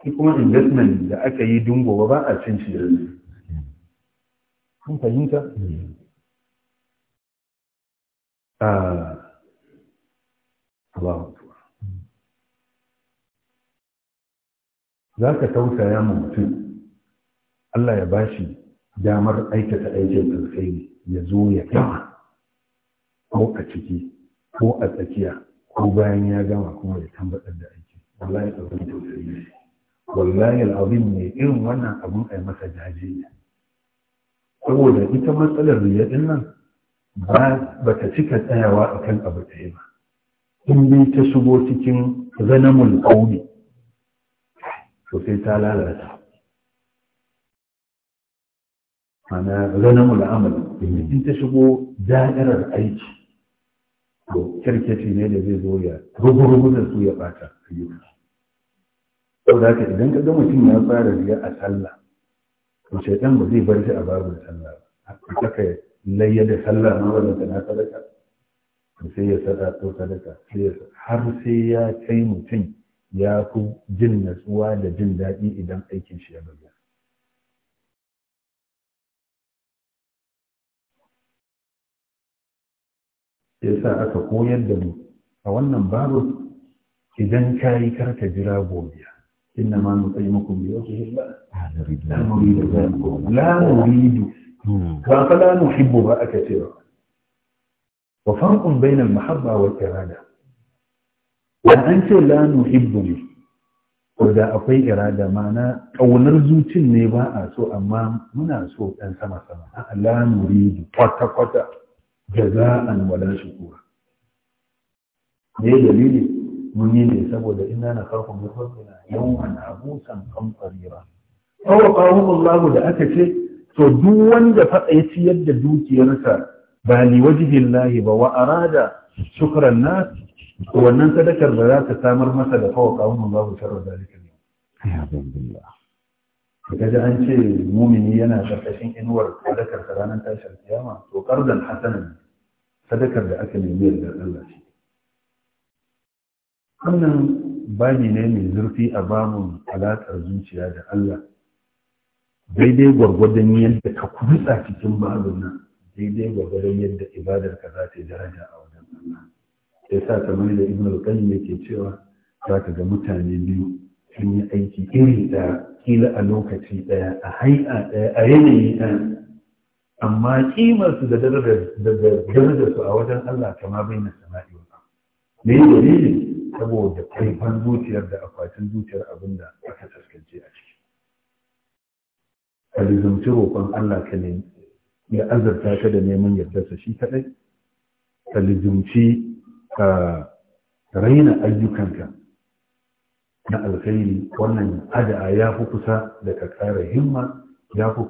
shi kuma investment da aka yi dungo ba ba a cin shi da yanzu kun fahimta ah, ba. za ka tausaya ma mutum Allah ya bashi damar aikata aikin alkhairi ya zo ya gama ko a ciki ko a tsakiya ko bayan ya gama kuma ya tambatar da aiki wallahi abin tausayi ne wallahi ne irin wannan abin a yi masa ne. saboda ita matsalar riya din nan ba ta cika tsayawa akan abu ɗaya ba in dai ta shigo cikin zanamul ƙauni to sai ta lalata mana ranamul amal mm. in ta shigo da'irar aiki to kirkeci ne da zai zo ya rugurugu da su ya bata ayyuka saboda haka idan ka ga mutum ya fara riya a sallah to shaitan ba zai bar shi a babu sallah ba haka layya da sallah ma wanda tana sadaka sai ya sada ko sadaka sai ya har sai ya kai mutum ya fi jin natsuwa da jin daɗi idan aikin shi ya bayyana ya sa aka koyar da mu a wannan babu idan ka yi karka jira gobe inna ma nuqayyimukum bi wajhi la nuridu la nuridu ba fa la nuhibbu ba aka ce wa farqun bayna al-mahabba wal irada wa an ce la nuhibbu ne ko da akwai irada ma'ana kaunar zucin ne ba a so amma muna so dan sama sama la nuridu kwata kwata jaza'an wala shukura ne dalili mun yi ne saboda inna na kafin min rabbina yawman abusan Kawo aw qawmuhum da aka ce to duk wanda fada ya ciyar da dukiyarsa ba wajibin lahi ba wa arada shukran nas wannan sadakar da za ta samar masa da kawo qawmuhum Allah sharra dalika ya rabbi kaji an ce mumini yana ƙarƙashin inuwar sadakar ta ranar tashin kiyama to ƙarzan hasanan sadakar da aka nemi yadda Allah shi wannan babi ne mai zurfi a bamun alaƙar zuciya da Allah daidai gwargwadon yadda ka kutsa cikin babu nan daidai gwargwadon yadda ibadar ka za ta yi daraja a wajen Allah sai sa kamar da ibn al-qayyim yake cewa za ka ga mutane biyu sun yi aiki iri ɗaya kila a lokaci ɗaya a hai'a ɗaya a yanayi ɗaya amma su da su a wajen Allah kama bai na sama'i ba me yi dalilin saboda kaifan zuciyar da akwatin zuciyar abin da aka taskance a ciki ka lizumci roƙon Allah ka ne ya azarta ka da neman yardarsa shi kaɗai ka lizumci, ka ah, raina ayyukanka na alkhairi wannan ada'a ya fi kusa da ka ƙara himma ya fi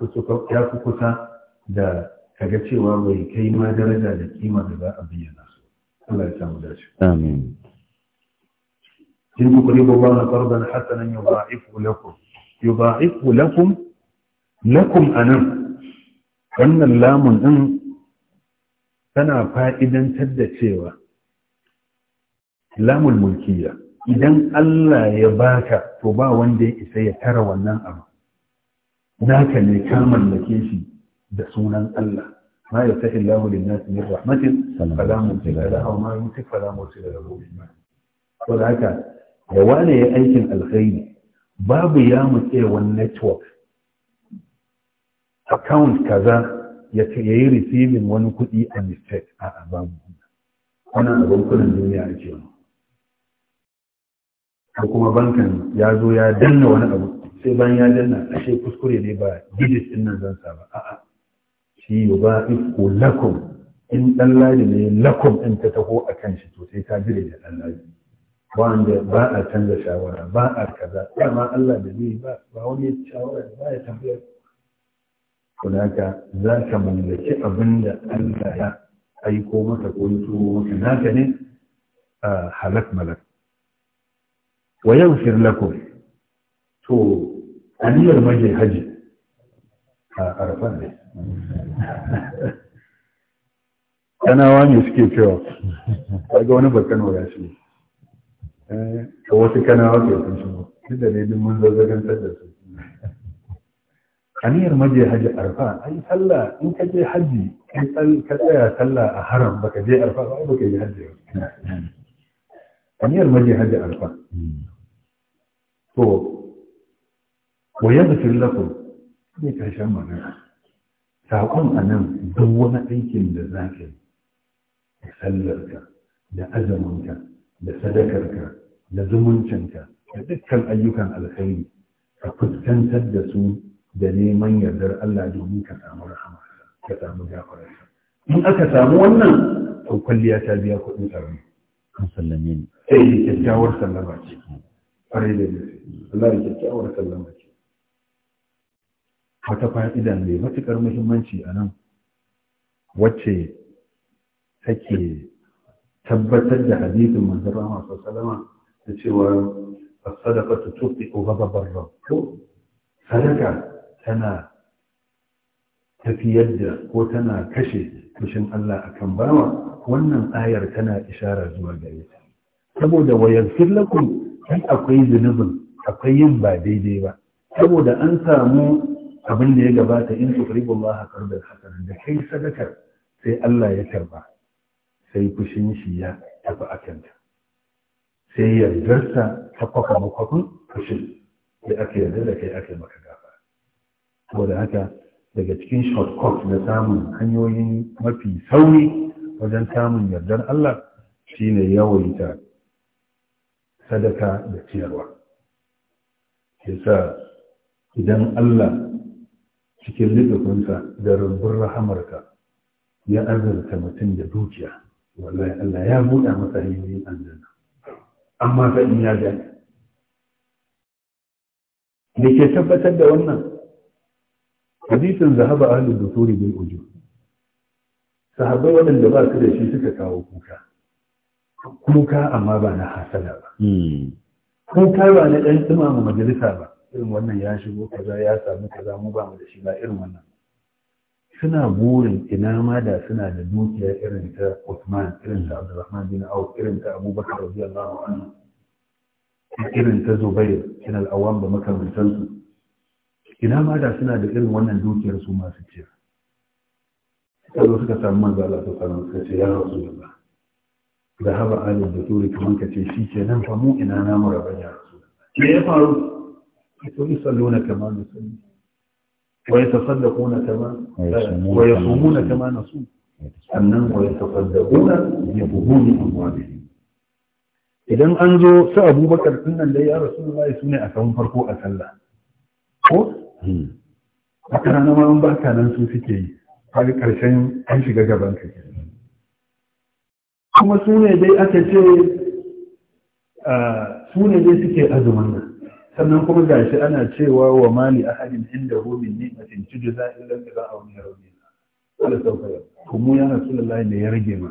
kusa da kaga cewa bai kai ma daraja da kima da za a bayyana su Allah ya samu dace amin in tukribu Allah qardan hasanan yudha'ifu lakum yudha'ifu lakum lakum anan wannan lamun din tana fa'idantar da cewa lamun mulkiya idan Allah ya baka to ba wanda ya isa ya tara wannan abu naka ne ka mallake shi da sunan Allah ما يفتح الله للناس من رحمة فلا ممسك لها وما يمسك فلا مرسل له من ولهكا وانا يا ايكن الخير باب يا متي network. account kaza ya yi receiving wani kuɗi a mistake a babu wannan abin kudin duniya a yi. ko kuma bankan ya zo ya danna wani abu sai bayan ya danna ashe kuskure ne ba digit din nan zan sa ba a'a shi ba iku lakum in dan ne lakum in ta taho a kan shi to sai ta jire da dan laji wanda ba a canza shawara ba a kaza amma Allah da zai ba ba wani shawara ba ya tambaya to ka za ka mallaki abinda Allah ya aiko maka ko ya turo maka naka ne a halak malak wa yau lakum to aniyar maje haji a arfan ne kanawa ne suke cewa daga wani bakano ya shi a eh, wasu kanawa ke sun shi duk da ne duk mun zazzagantar da su aniyar maje haji arfa ai sallah in ka je haji ka tsaya sallah a haram baka je arfa ba baka yi haji aniyar maje haji arfa to wa yaghfir lakum ne karshen magana saƙon a nan duk wani aikin da za ka yi da sallarka da azaminka da sadakarka da zumuncinka da dukkan ayyukan alkhairi ka fuskantar da su da neman yardar Allah domin ka samu rahama ka samu gafararsa in aka samu wannan kwalliya ta biya kuɗin tsaro an sallame ni sai eh, kyakkyawar sallama ce ƙwarai da gaske Allah da kyakkyawar sallama ce wata fa'ida mai matuƙar muhimmanci a nan wacce take tabbatar da hadisin manzon rahama Salama da cewa as-sadaqatu tuqiu ghadabar rabb sadaka tana tafiyar da ko tana kashe fushin Allah akan bawa wannan ayar tana ishara zuwa gare ta saboda wayar lakum kai akwai zunubin akwai yin ba daidai ba saboda an samu abin da ya gabata in tukribu Allah qardan hasan da kai sadakar sai Allah ya karba sai fushin shi ya tafi a ta sai yardarsa ta kwafa makwafin fushin sai aka yarda da kai aka maka gafa saboda haka daga cikin shortcut na samun hanyoyin mafi sauri wajen samun yardar Allah shine yawaita sadaka da ciyarwa yasa idan Allah cikin littafinsa da rumbun rahamarka ya azurta mutum da dukiya wallahi Allah ya buɗa masa hanyoyin aljanna amma fa in ya gani da ke tabbatar da wannan hadisin zahaba ahlul dusuri bil uju sahabbai waɗanda ba su da shi suka kawo kuka kuka amma ba na hasala ba hmm. kun kaiwa na ɗan ma majalisa ba irin wannan ya shigo kaza ya samu kaza mu ba mu da shi ba irin wannan suna burin ina ma da suna da dukiya irin ta Uthman irin ta Abdulrahman bin Auf irin ta Abubakar radiyallahu anhu irin ta Zubair kin al-Awwam da makamantan su ina ma da suna da irin wannan dukiyar su masu ciya suka zo suka samu manzo Allah sallallahu alaihi wasallam suka ce ya Rasulullah da haba alin da turi kamar ka ce shi ke nan famu ina na muraban ya me ya faru to yi sallo na kama na sun wa ya tasaddaqu na kama wa ya sumu na kama na su sannan wa ya tasaddaqu na ya buhuni amwali idan an zo su abubakar din nan da ya rasulullahi sune a kan farko a sallah ko hmm. a karana ma an baka nan su suke yi har karshen an shiga gaban ka kuma Sune dai aka ce su dai suke azumin nan sannan kuma gashi ana cewa wa mali a ahadin inda rumin ni'matin tujza illa bi ra'awni rabbina ala sauka to mu ya layi da ya rage ma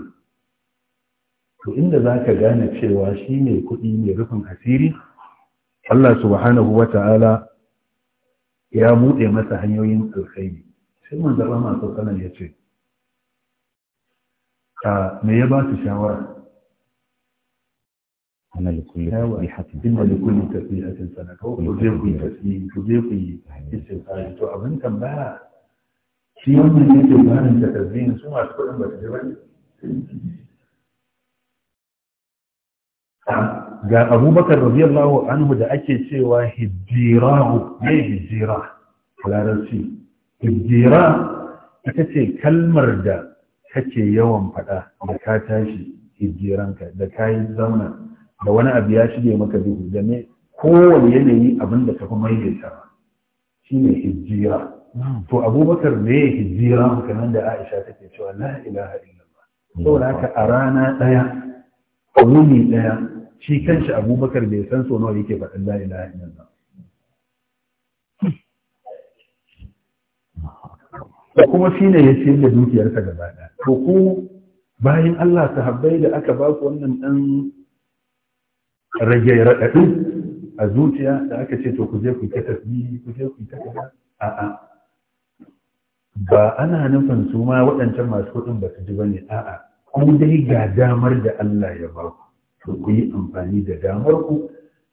to inda za ka gane cewa shi ne kuɗi mai rufin asiri Allah subhanahu wa ta'ala ya buɗe masa hanyoyin alkhairi sai mun zaba masu alaihi ya ce آه، ما يبات شاورة أنا لكل تسبيحة إن لكل تسبيحة سنك وضيقي تسبيح وضيقي استفاد تعبن كم بها في يوم من يجي بها أنت تسبيح سمع شكرا بتجربة ga Abu Bakar radiyallahu anhu da kake yawan faɗa da ka tashi hijiranka da ka yi zauna da wani abu ya shige maka duhu da ne kowane yanayi abin da ka fi maimaita shi ne hijira to abubakar ne ya hijira maka nan da aisha ta ke cewa la ilaha illallah saboda haka a rana ɗaya a wuni ɗaya shi kanshi abubakar bai san so nawa yake faɗin la ilaha illallah da kuma shi ne ya ciyar da dukiyarsa gaba ɗaya to ku bayan Allah sahabbai da aka ba ku wannan ɗan rage raɗaɗi a zuciya da aka ce to ku je ku ta tafi ku je ku ta kaza a'a ba ana nufin su ma waɗancan masu kuɗin ba su ji ba ne a'a ku dai ga damar da Allah ya ba ku to ku yi amfani da damar ku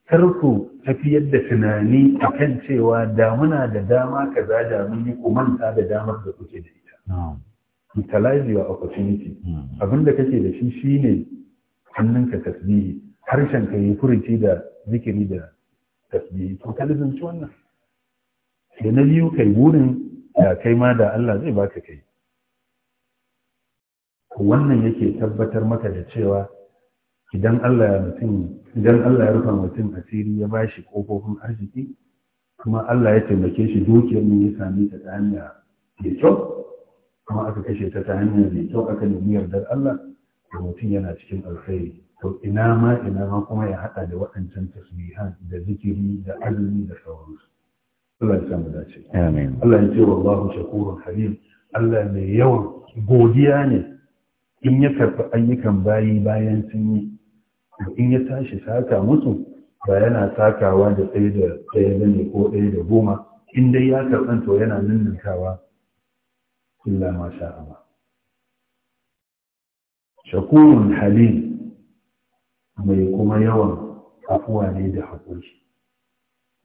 kar ku tafiyar da tunani a kan cewa damuna da dama kaza da mun yi ku manta da damar da kuke da ita utilize your opportunity hmm. abin da kake da shi shi ne shine hannunka tasbihi harshen ka yi furuci da zikiri da tasbihi to ka lizanci wannan da na biyu kai burin da kai ma da Allah zai baka kai wannan yake tabbatar maka da cewa idan Allah ya mutum idan Allah ya rufa mutum asiri ya ba shi kofofin arziki kuma Allah ya taimake shi dukiyar mu ya sami ta ta hanya mai kyau kuma aka kashe ta ta hanya mai kyau aka nemi yardar Allah da mutum yana cikin alkhairi to ina ma ina ma kuma ya haɗa da waɗancan tasbihan da zikiri da azumi da sauransu Allah ya samu dace amin Allah ya ce wallahu shakurun halim Allah mai yawan godiya ne in ya karɓi ayyukan bayi bayan sun yi in ya tashi saka musu ba yana sakawa da tsaye da ɗaya da ne ko ɗaya da goma in dai ya karɓan to yana ninninkawa illa ma sha Allah shakurun halin mai kuma yawan afuwa ne da haƙuri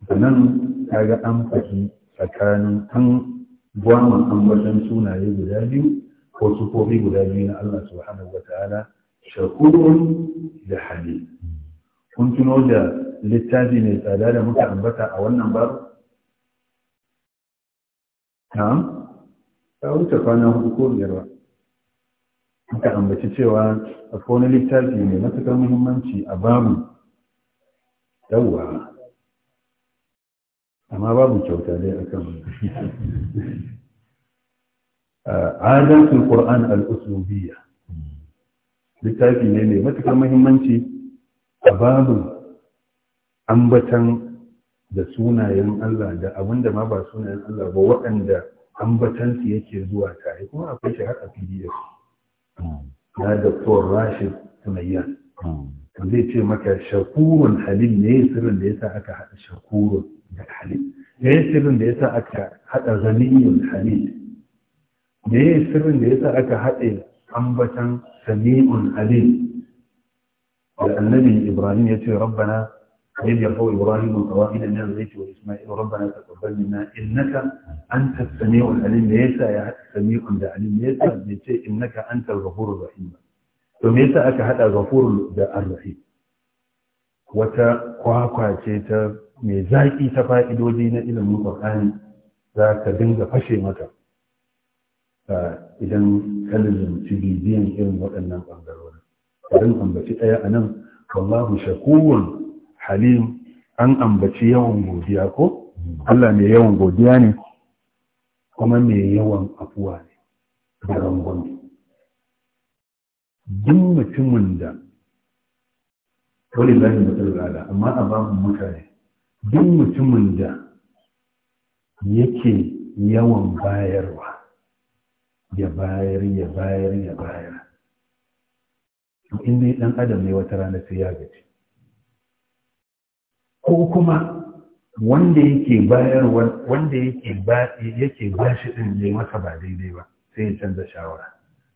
sannan kaga an faɗi tsakanin an gwaman ambatan sunaye guda biyu ko sufofi guda biyu na Allah subhanahu wa ta'ala shakurun da hadi kun tuno da littafi mai tsada da muka ambata a wannan bar? na'am ta wuce kwana hudu ko biyar ba muka ambaci cewa akwai wani littafi mai matuƙar muhimmanci a babu yawwa amma babu kyauta dai a kan ah, adatul qur'an al littafi ne mai matuƙar muhimmanci a babin ambatan da sunayen Allah da abin da ma ba sunayen Allah ba waɗanda ambatansu yake zuwa tare kuma akwai shi har a pdf na doktor rashid to hmm. zai ce maka shakurun halil ne sirrin da yasa aka haɗa shakurun da ne sirrin da yasa aka haɗa zaniyun halil ne sirrin da yasa aka haɗa ambatan sami'un alim da ibrahim ya ce rabbana ya yi ibrahim a wa'in annan zai wa isma'il rabbana ta kwabar nina innaka an ta sami'un alim da yasa ya haɗa sami'un da alim da yasa bai ce innaka an ta zafurun rahim to me yasa aka haɗa zafurun da arrahim wata kwakwa ce ta mai zaƙi ta fa'idodi na ilimin ƙwaƙani za ka dinga fashe maka idan ka lizumci biyan irin waɗannan ɓangarorin idan ambaci ɗaya a nan wallahu shakuwan halim an ambaci yawan godiya ko Allah mai yawan godiya ne kuma mai yawan afuwa ne da rangon duk mutumin da wani mutum matsalar amma a babu mutane duk mutumin da yake yawan bayarwa ya bayar ya bayar ya bayar in dai dan adam ne wata rana sai ya gaji ko kuma wanda yake bayar wanda yake ba yake ba shi din ne masa ba daidai ba sai ya canza shawara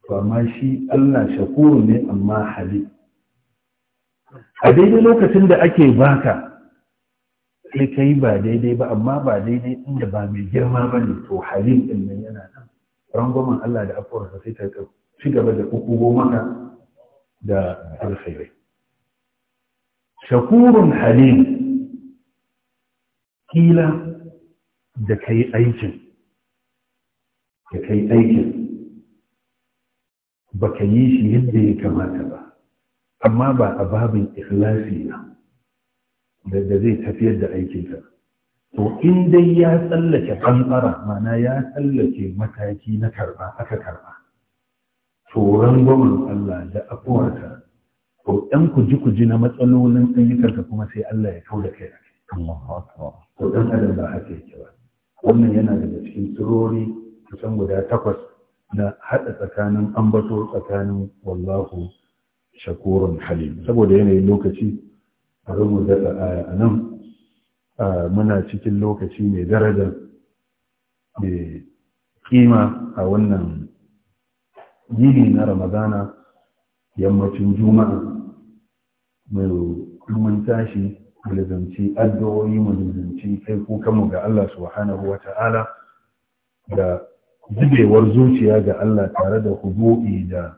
to amma shi Allah shakuru ne amma hali a daidai lokacin da ake baka sai kai ba daidai ba amma ba daidai inda ba mai girma ba ne to halin din nan yana nan rangwamen Allah da afuwarsa sai ta ci gaba da kukugo maka da alkhairai shakurun halim kila da kai aikin da kai aikin ba ka yi shi yadda ya kamata ba amma ba a babin ikhlasi na da zai tafiyar da aikinka ba to in dai ya tsallake kankara mana ya tsallake mataki na karba aka karba tsoron rangwamen Allah da afuwarsa to ɗan kuji-kuji na matsalolin ayyukanka kuma sai Allah ya kau da kai a kai. To ɗan adam ba haka yake ba. Wannan yana daga cikin tsirori kusan guda takwas na haɗa tsakanin ambato tsakanin wallahu shakurun halim. Saboda yanayin lokaci a rubuta aya a nan Ah, muna cikin lokaci mai daraja mai kima a wannan yini na ramadana yammacin juma'a mai mun tashi malizanci addu'o'i malizanci kai kukanmu ga Allah subhanahu wa ta'ala da zubewar zuciya ga Allah tare da hudu'i da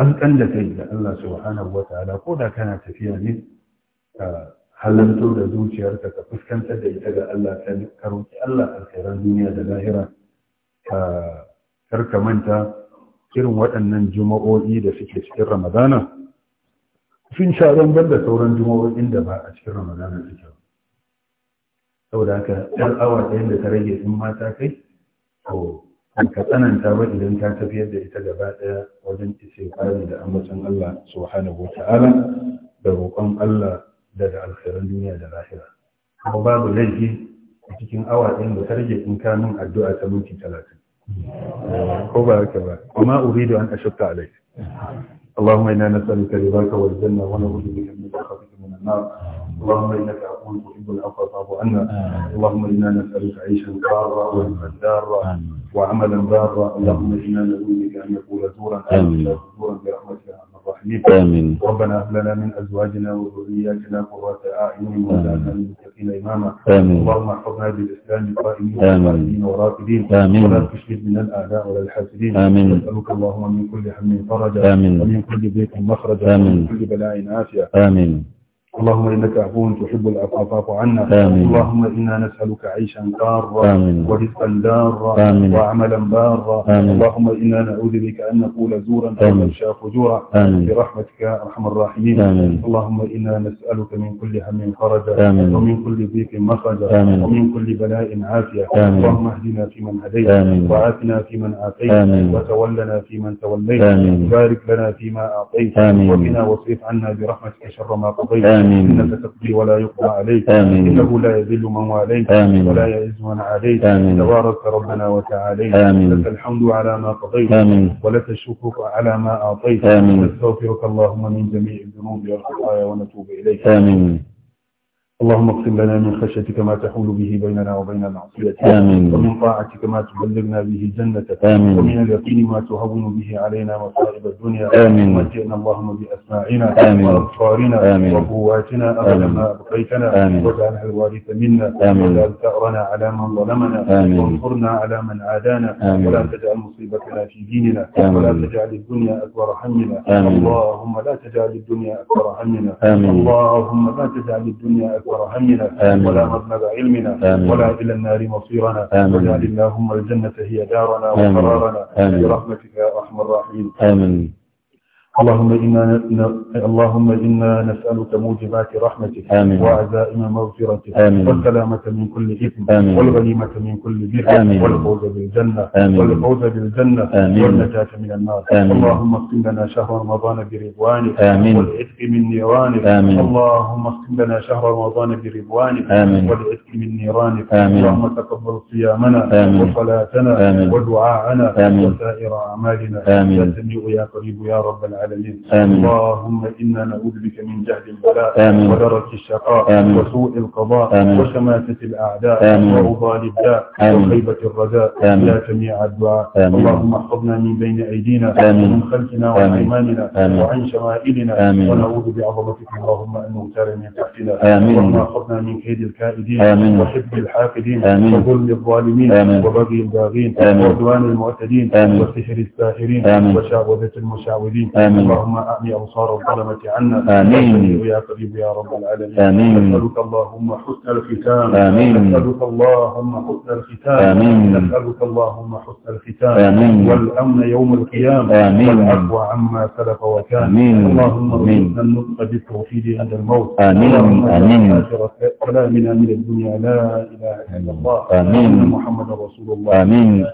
ƙanƙan da kai ga Allah subhanahu wa ta'ala ko da kana tafiya ne ah, halarto da zuciyarka ka fuskantar da ita ga Allah ka roƙi Allah alkhairan duniya da lahira ka karka manta irin waɗannan juma'o'i da suke cikin ramadana sun sha bamban da sauran juma'o'in da ba a cikin ramadana suke saboda haka ɗan awa ɗayan da ta rage in mata kai to an ka tsananta ba idan ta tafiyar da ita gaba ɗaya wajen ise kwari da ambacin Allah subhanahu wa ta'ala da roƙon Allah daga alkhairan duniya da lahira kuma babu laifi a cikin awa ɗin da targe in ka min addu'a ta minti talatin ko ba haka ba kuma uridu an ashukta alai اللهم انا نسالك رضاك والجنه ونعوذ بك من سخطك من النار اللهم انك عفو تحب العفو فاعف عنا اللهم انا نسالك عيشا قارا وعملا دارا وعملا بارا اللهم انا نعوذ بك ان نقول زورا او زورا برحمتك الرحيم آمين ربنا هب لنا من أزواجنا وذرياتنا قرة أعين وجعلنا للمتقين إماما آمين اللهم احفظنا بالإسلام قائمين آمين وراكبين آمين ولا تشمت من الأعداء ولا الحاسدين آمين نسألك اللهم من كل هم فرجا آمين ومن كل ضيق مخرجا آمين ومن كل بلاء عافية آمين اللهم إنك عفو تحب العفو فاعف عنا آمين. اللهم إنا نسألك عيشا دارا آمين. ورزقا دارا آمين. وعملا بارا آمين. اللهم إنا نعوذ بك أن نقول زورا أو نشاء فجورا برحمتك يا أرحم الراحمين آمين. اللهم إنا نسألك من كل هم فرجا ومن كل ضيق مخرجا ومن كل بلاء عافية آمين. اللهم اهدنا فيمن هديت وعافنا فيمن عافيت وتولنا فيمن توليت بارك لنا فيما أعطيت وقنا واصرف عنا برحمتك شر ما قضيت آمين إنك تقضي ولا يقضى عليك آمين إنه لا يذل من وعليك آمين ولا يعز من عليك آمين تبارك ربنا وتعاليت آمين لك الحمد على ما قضيت آمين ولك الشكر على ما أعطيت آمين نستغفرك اللهم من جميع الذنوب والخطايا ونتوب إليك آمين اللهم اغفر لنا من خشيتك ما تحول به بيننا وبين معصيتك آمين ومن طاعتك ما تبلغنا به جنتك آمين ومن اليقين ما تهون به علينا مصائب الدنيا آمين ومتعنا اللهم بأسماعنا آمين وأبصارنا آمين وقواتنا أبدا ما أبقيتنا آمين واجعلها الوارث منا آمين واجعل ثأرنا على من ظلمنا آمين وانصرنا على من عادانا آمين ولا تجعل مصيبتنا في ديننا آمين ولا تجعل الدنيا أكبر همنا آمين اللهم لا تجعل الدنيا أكبر همنا آمين اللهم لا تجعل الدنيا أكبر مكبر ولا مذنب علمنا آمين. ولا إلى النار مصيرنا وجعل اللهم الجنة هي دارنا وقرارنا برحمتك يا أرحم الراحمين آمين اللهم إنا اللهم إنا نسألك موجبات رحمتك آمين وعزائم مغفرتك آمين والسلامة من كل إثم آمين والغنيمة من كل بر آمين والفوز بالجنة آمين والفوز بالجنة آمين والنجاة من النار آمين اللهم اقسم لنا شهر رمضان برضوانك آمين والعتق من نيرانك آمين اللهم اقسم لنا شهر رمضان برضوانك آمين والعتق من نيرانك آمين اللهم تقبل صيامنا آمين وصلاتنا آمين ودعاءنا آمين وسائر أعمالنا آمين يا سميع يا قريب يا رب العالمين العالمين آمين. اللهم إنا نعوذ بك من جهل البلاء آمين. ودرك الشقاء آمين. وسوء القضاء آمين. وشماتة الأعداء آمين. الداء وخيبة الرجاء آمين. يا جميع الدعاء آمين. اللهم احفظنا من بين أيدينا آمين. ومن خلفنا وعن أيماننا وعن شمائلنا آمين. ونعوذ بعظمتك اللهم أن نغتال من تحتنا آمين. اللهم احفظنا من كيد الكائدين آمين. وحفظ الحاقدين آمين. وظلم الظالمين آمين. وبغي الباغين وعدوان المعتدين وسحر الساحرين وشعوذة المشعوذين اللهم أعني أنصار الظلمة عنا آمين يا قريب يا رب العالمين آمين نسألك اللهم حسن الختام آمين نسألك اللهم حسن الختام آمين نسألك اللهم حسن الختام آمين والأمن يوم القيامة آمين والعفو عما سلف وكان آمين اللهم ارزقنا النطق بالتوحيد عند الموت آمين آمين كلامنا من الدنيا لا إله إلا الله آمين محمد رسول الله آمين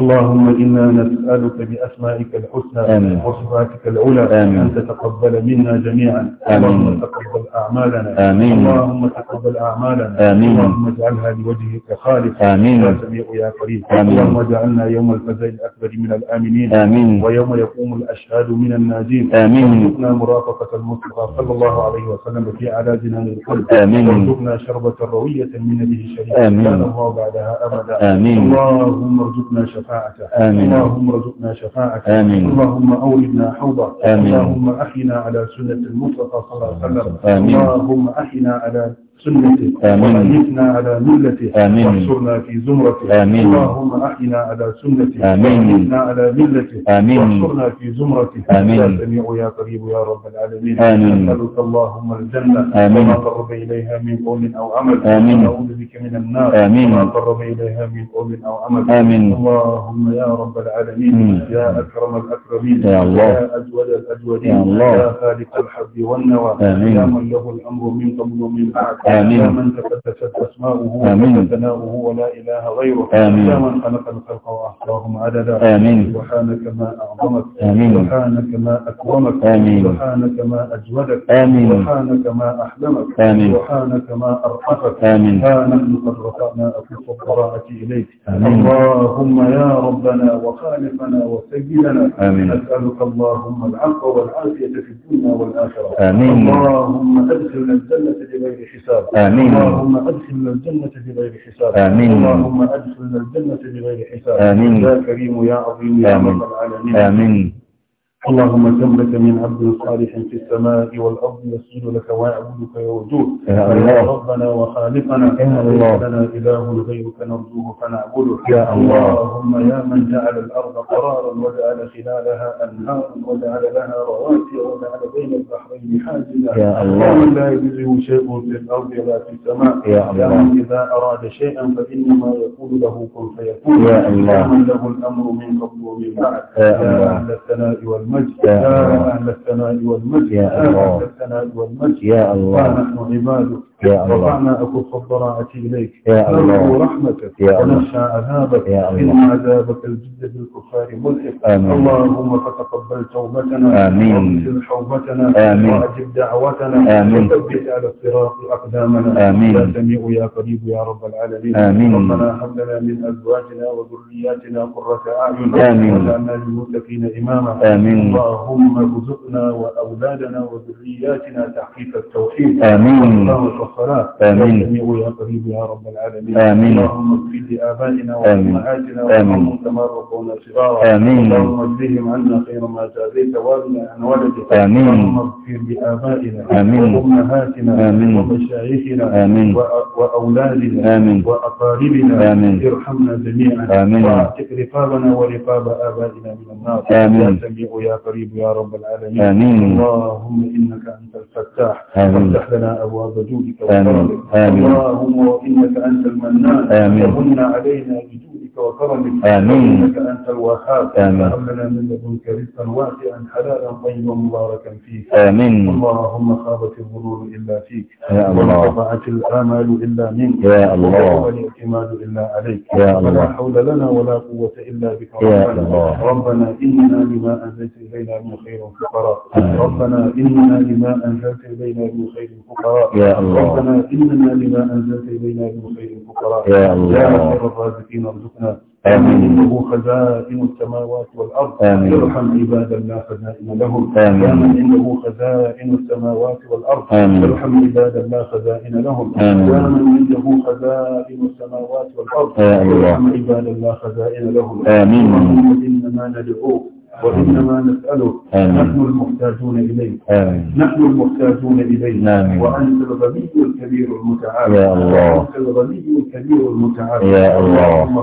اللهم إنا نسألك بأسمائك الحسنى وصفاتك العلى أن تتقبل منا جميعا آمين. اللهم تقبل أعمالنا آمين. اللهم تقبل أعمالنا آمين. اللهم اجعلها لوجهك خالصا يا سميع يا قريب اللهم اجعلنا يوم الفزع الأكبر من الآمنين آمين. ويوم يقوم الأشهاد من الناجين آمين. وارزقنا مرافقة المصطفى صلى الله عليه وسلم في أعلى جنان القلب آمين. وارزقنا شربة روية من نبيه الشريف آمين. لا نرضى بعدها أبدا آمين. اللهم ارزقنا شفاعة شفاعته آمين. اللهم ارزقنا شفاعته آمين. اللهم أولنا حوضه آمين. اللهم أحينا على سنة المصطفى صلى الله عليه وسلم آمين. اللهم أحينا على سنة آمين على ملة آمين وانصرنا في زمرة آمين اللهم أحينا على سنة آمين وانصرنا على ملة آمين وانصرنا في زمرة آمين يا سميع يا قريب يا رب العالمين آمين نسألك اللهم الجنة آمين وما قرب إليها من قول أو عمل آمين ونعوذ بك من النار آمين وما قرب إليها من قول أو عمل آمين اللهم يا رب العالمين يا أكرم الأكرمين يا الله يا أجود الأجودين يا الله يا خالق الحب والنوى آمين يا من له الأمر من قبل ومن بعد آمين يا من تقدست أسماؤه وثناؤه ولا إله غيره آمين يا من خلق الخلق وأحصاهم عددا آمين سبحانك ما أعظمك آمين سبحانك ما أكرمك آمين سبحانك ما أجودك آمين سبحانك ما أحلمك آمين سبحانك ما أرحمك آمين ها نحن قد رفعنا أكف القراءة إليك آمين اللهم يا ربنا وخالقنا وسيدنا آمين نسألك اللهم العفو والعافية في الدنيا والآخرة آمين اللهم أدخلنا الجنة بغير حساب آمين اللهم أدخلنا الجنة بغير حساب آمين اللهم أدخلنا الجنة بغير حساب آمين يا كريم يا رب العالمين آمين اللهم كم لك من عبد صالح في السماء والأرض يسجد لك ويعبدك ويوجود يا الله ربنا وخالقنا يا الله لنا إله غيرك نرجوه فنعبده يا الله اللهم يا من جعل الأرض قرارا وجعل خلالها أنهارا وجعل لها رواسي وجعل بين البحرين حاجزا يا الله من لا يجزه شيء في الأرض ولا في السماء يا الله من إذا أراد شيئا فإنما يقول له كن فيكون يا الله من له الأمر من قبل ومن بعد يا أهل الثناء والمجد والمجد يا أهل الثناء والمجد يا أهل الثناء والمجد يا الله نحن عبادك يا الله رفعنا أكف الضراعة إليك يا الله رحمتك يا الله ونخشى عذابك يا الله إن عذابك الجد بالكفار ملحق اللهم فتقبل توبتنا آمين واغفر حوبتنا آمين وأجب دعوتنا آمين وثبت على الصراط أقدامنا آمين يا سميع يا قريب يا رب العالمين آمين ربنا هب لنا من أزواجنا وذرياتنا قرة أعين آمين وجعلنا للمتقين إماما آمين اللهم ارزقنا وأولادنا وذرياتنا تحقيق التوحيد آمين والصلاة آمين يا قريب يا رب العالمين آمين اللهم اغفر لآبائنا وأمهاتنا وأمهم كما ربونا صغارا آمين اللهم اجزهم عنا خير ما جازيت وارنا عن ولدك آمين اللهم اغفر لآبائنا آمين وأمهاتنا آمين ومشايخنا آمين وأولادنا آمين وأقاربنا آمين ارحمنا جميعا آمين واعتق رقابنا ورقاب آبائنا من النار آمين يا سميع يا قريب يا رب العالمين آمين. اللهم إنك أنت الفتاح فافتح لنا أبواب جودك وكرمك اللهم وإنك أنت المنان فمن علينا بجودك وكرمك آمين. إنك أنت الوهاب فهب لنا من لدنك رزقا واسعا حلالا طيبا مباركا فيك آمين. اللهم خابت الغرور إلا فيك يا الله انقطعت الآمال إلا منك يا الله الاعتماد إلا عليك يا الله ولا حول لنا ولا قوة إلا بك يا الله ربنا إننا بما أنزلت إلينا من خير الفقراء ربنا إننا لما أنزلت إلينا من خير الفقراء يا الله ربنا إننا لما أنزلت إلينا من خير الفقراء يا الله يا خير الرازقين ارزقنا آمين إنه خزائن السماوات والأرض آمين ارحم عبادا لا خزائن لهم آمين إنه خزائن السماوات والأرض آمين ارحم عبادا لا خزائن لهم آمين إنه خزائن السماوات والأرض ارحم عبادا لا خزائن لهم آمين إنما ندعوك وإنما نسألك نحن المحتاجون إليك نحن المحتاجون إليك وأنت الغني الكبير المتعال يا الله وأنت الغني الكبير المتعال يا الله اللهم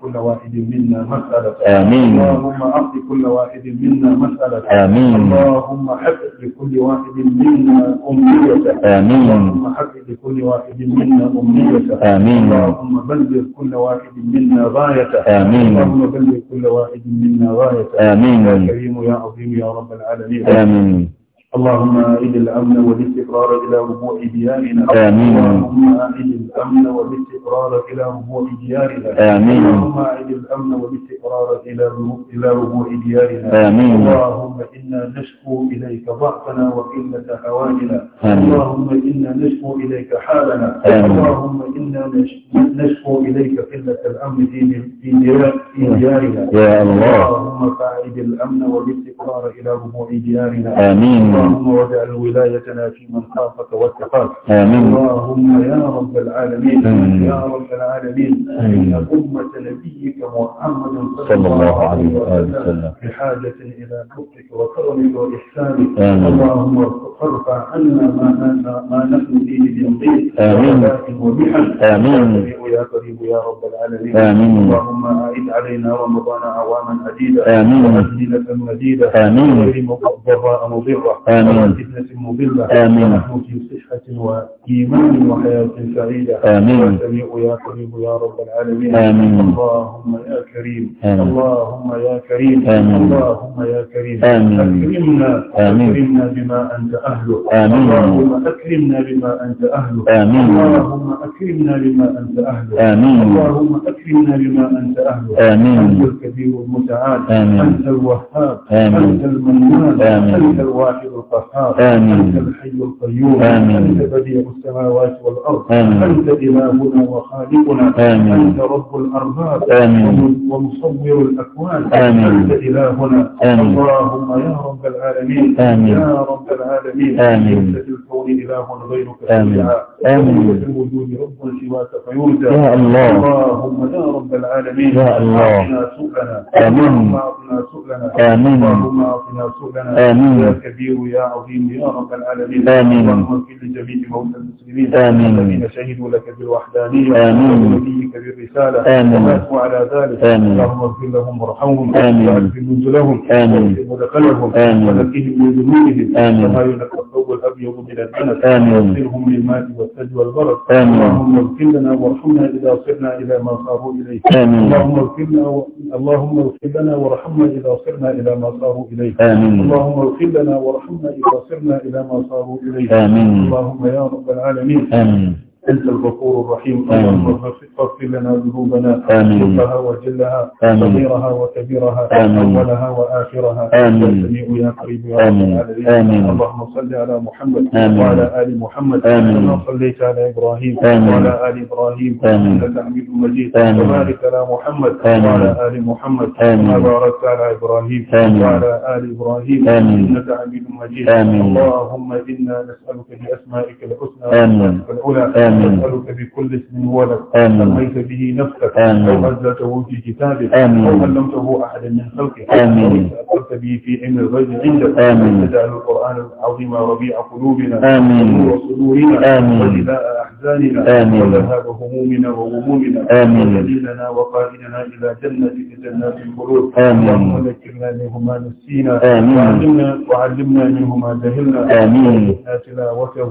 كل واحد منا مسألة آمين اللهم أعط كل واحد منا مسألة آمين اللهم حقق لكل واحد منا أمنية آمين اللهم حقق لكل واحد منا أمنية آمين اللهم بلغ كل واحد منا غايته آمين اللهم بلغ كل واحد منا غايته آمين يا كريم يا عظيم يا رب العالمين آمين اللهم أعد الأمن والاستقرار إلى ربوع ديارنا آمين اللهم أعد الأمن والاستقرار إلى ربوع ديارنا آمين اللهم أعد الأمن والاستقرار إلى إلى ربوع ديارنا آمين اللهم إنا نشكو إليك ضعفنا وقلة حوالنا اللهم إنا نشكو إليك حالنا اللهم إنا نشكو إليك قلة الأمن في في ديارنا يا الله اللهم فاعد الأمن والاستقرار إلى ربوع ديارنا آمين اللهم واجعل ولايتنا في من خافك واتقاك اللهم يا رب العالمين يا رب العالمين أمة نبيك محمد صلى الله عليه وسلم بحاجة إلى حبك وكرمك وإحسانك اللهم ارفع عنا ما ما نحن فيه من ضيق ومحن آمين يا قريب يا رب العالمين آمين اللهم أعد علينا رمضان عواما عديدة آمين وأسهلة مديدة آمين غير مضراء مضرة آمين فتنة مضلة آمين ونحن في صحة وإيمان وحياة سعيدة آمين سميع يا قريب يا رب العالمين آمين اللهم يا كريم آمين اللهم يا كريم آمين اللهم يا كريم آمين أكرمنا آمين أكرمنا بما أنت أهله آمين اللهم أكرمنا بما أنت أهله آمين اللهم أكرمنا بما أنت أهله آمين اللهم أكرمنا بما أنت أهله آمين أنت الكبير المتعال آمين أنت الوهاب آمين أنت المنان آمين أنت الواحد القهار آمين الحي القيوم آمين أنت بديع السماوات والأرض آمين أنت إلهنا وخالقنا آمين أنت رب الأرباب آمين ومصور الأكوان آمين أنت إلهنا آمين اللهم يا رب العالمين آمين يا رب العالمين آمين ليس في الكون إله غيرك آمين آمين في الوجود رب سواك فيرجى يا الله اللهم يا رب العالمين يا الله أعطنا سؤلنا آمين أعطنا سؤلنا آمين اللهم أعطنا سؤلنا آمين يا كبير يا عظيم يا رب العالمين آمين اغفر لجميع موتى المسلمين آمين الذين شهدوا لك بالوحدانية آمين ونبيك بالرسالة آمين وماتوا على ذلك آمين اللهم اغفر لهم وارحمهم آمين واغفر نزلهم آمين مدخلهم آمين ونقهم من ذنوبهم آمين وما يلقى الثوب الأبيض من الدنس آمين واغفرهم للماء والثلج والبرد آمين اللهم اغفر لنا وارحمنا إذا صرنا إلى ما صاروا إليه آمين اللهم اغفر لنا و... اللهم اغفر لنا وارحمنا إذا صرنا إلى ما صاروا إليه آمين اللهم اغفر لنا وارحمنا اللهم إذا صرنا إلى ما صاروا إليه آمين اللهم يا رب العالمين آمين أنت الغفور الرحيم اللهم اغفر لنا ذنوبنا وشركها وجلها صغيرها وكبيرها أولها وآخرها آمين والسميع يا قريب يا رب العالمين اللهم صل على محمد وعلى آل محمد كما صليت على إبراهيم وعلى آل إبراهيم إنك حميد مجيد وبارك على محمد وعلى آل محمد كما باركت على إبراهيم وعلى آل إبراهيم إنك حميد مجيد اللهم إنا نسألك بأسمائك الحسنى والأولى آمين نسألك بكل اسم هو لك آمين سميت به نفسك آمين أو في كتابك آمين وعلمته أحدا من خلقك آمين أثرت به في علم الغيب عندك آمين وجعل القرآن العظيم ربيع قلوبنا آمين وصدورنا آمين وجلاء أحزاننا آمين وذهاب همومنا وغمومنا آمين وسبيلنا وقائدنا إلى جنتك جنات الخلود آمين وذكرنا منهما نسينا آمين وعلمنا وعلمنا منهما جهلنا آمين تلاوته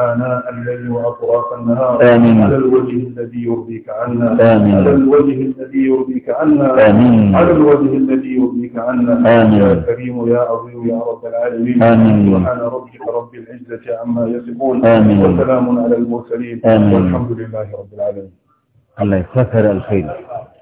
آناء الليل وأطراف والنهار آمين. على الوجه الذي يرضيك عنا آمين. على الوجه الذي يرضيك عنا آمين. على الوجه الذي يرضيك عنا آمين. يا كريم يا عظيم يا رب العالمين آمين. سبحان ربك رب العزة عما يصفون آمين. وسلام على المرسلين آمين. والحمد لله رب العالمين الله يكثر الخير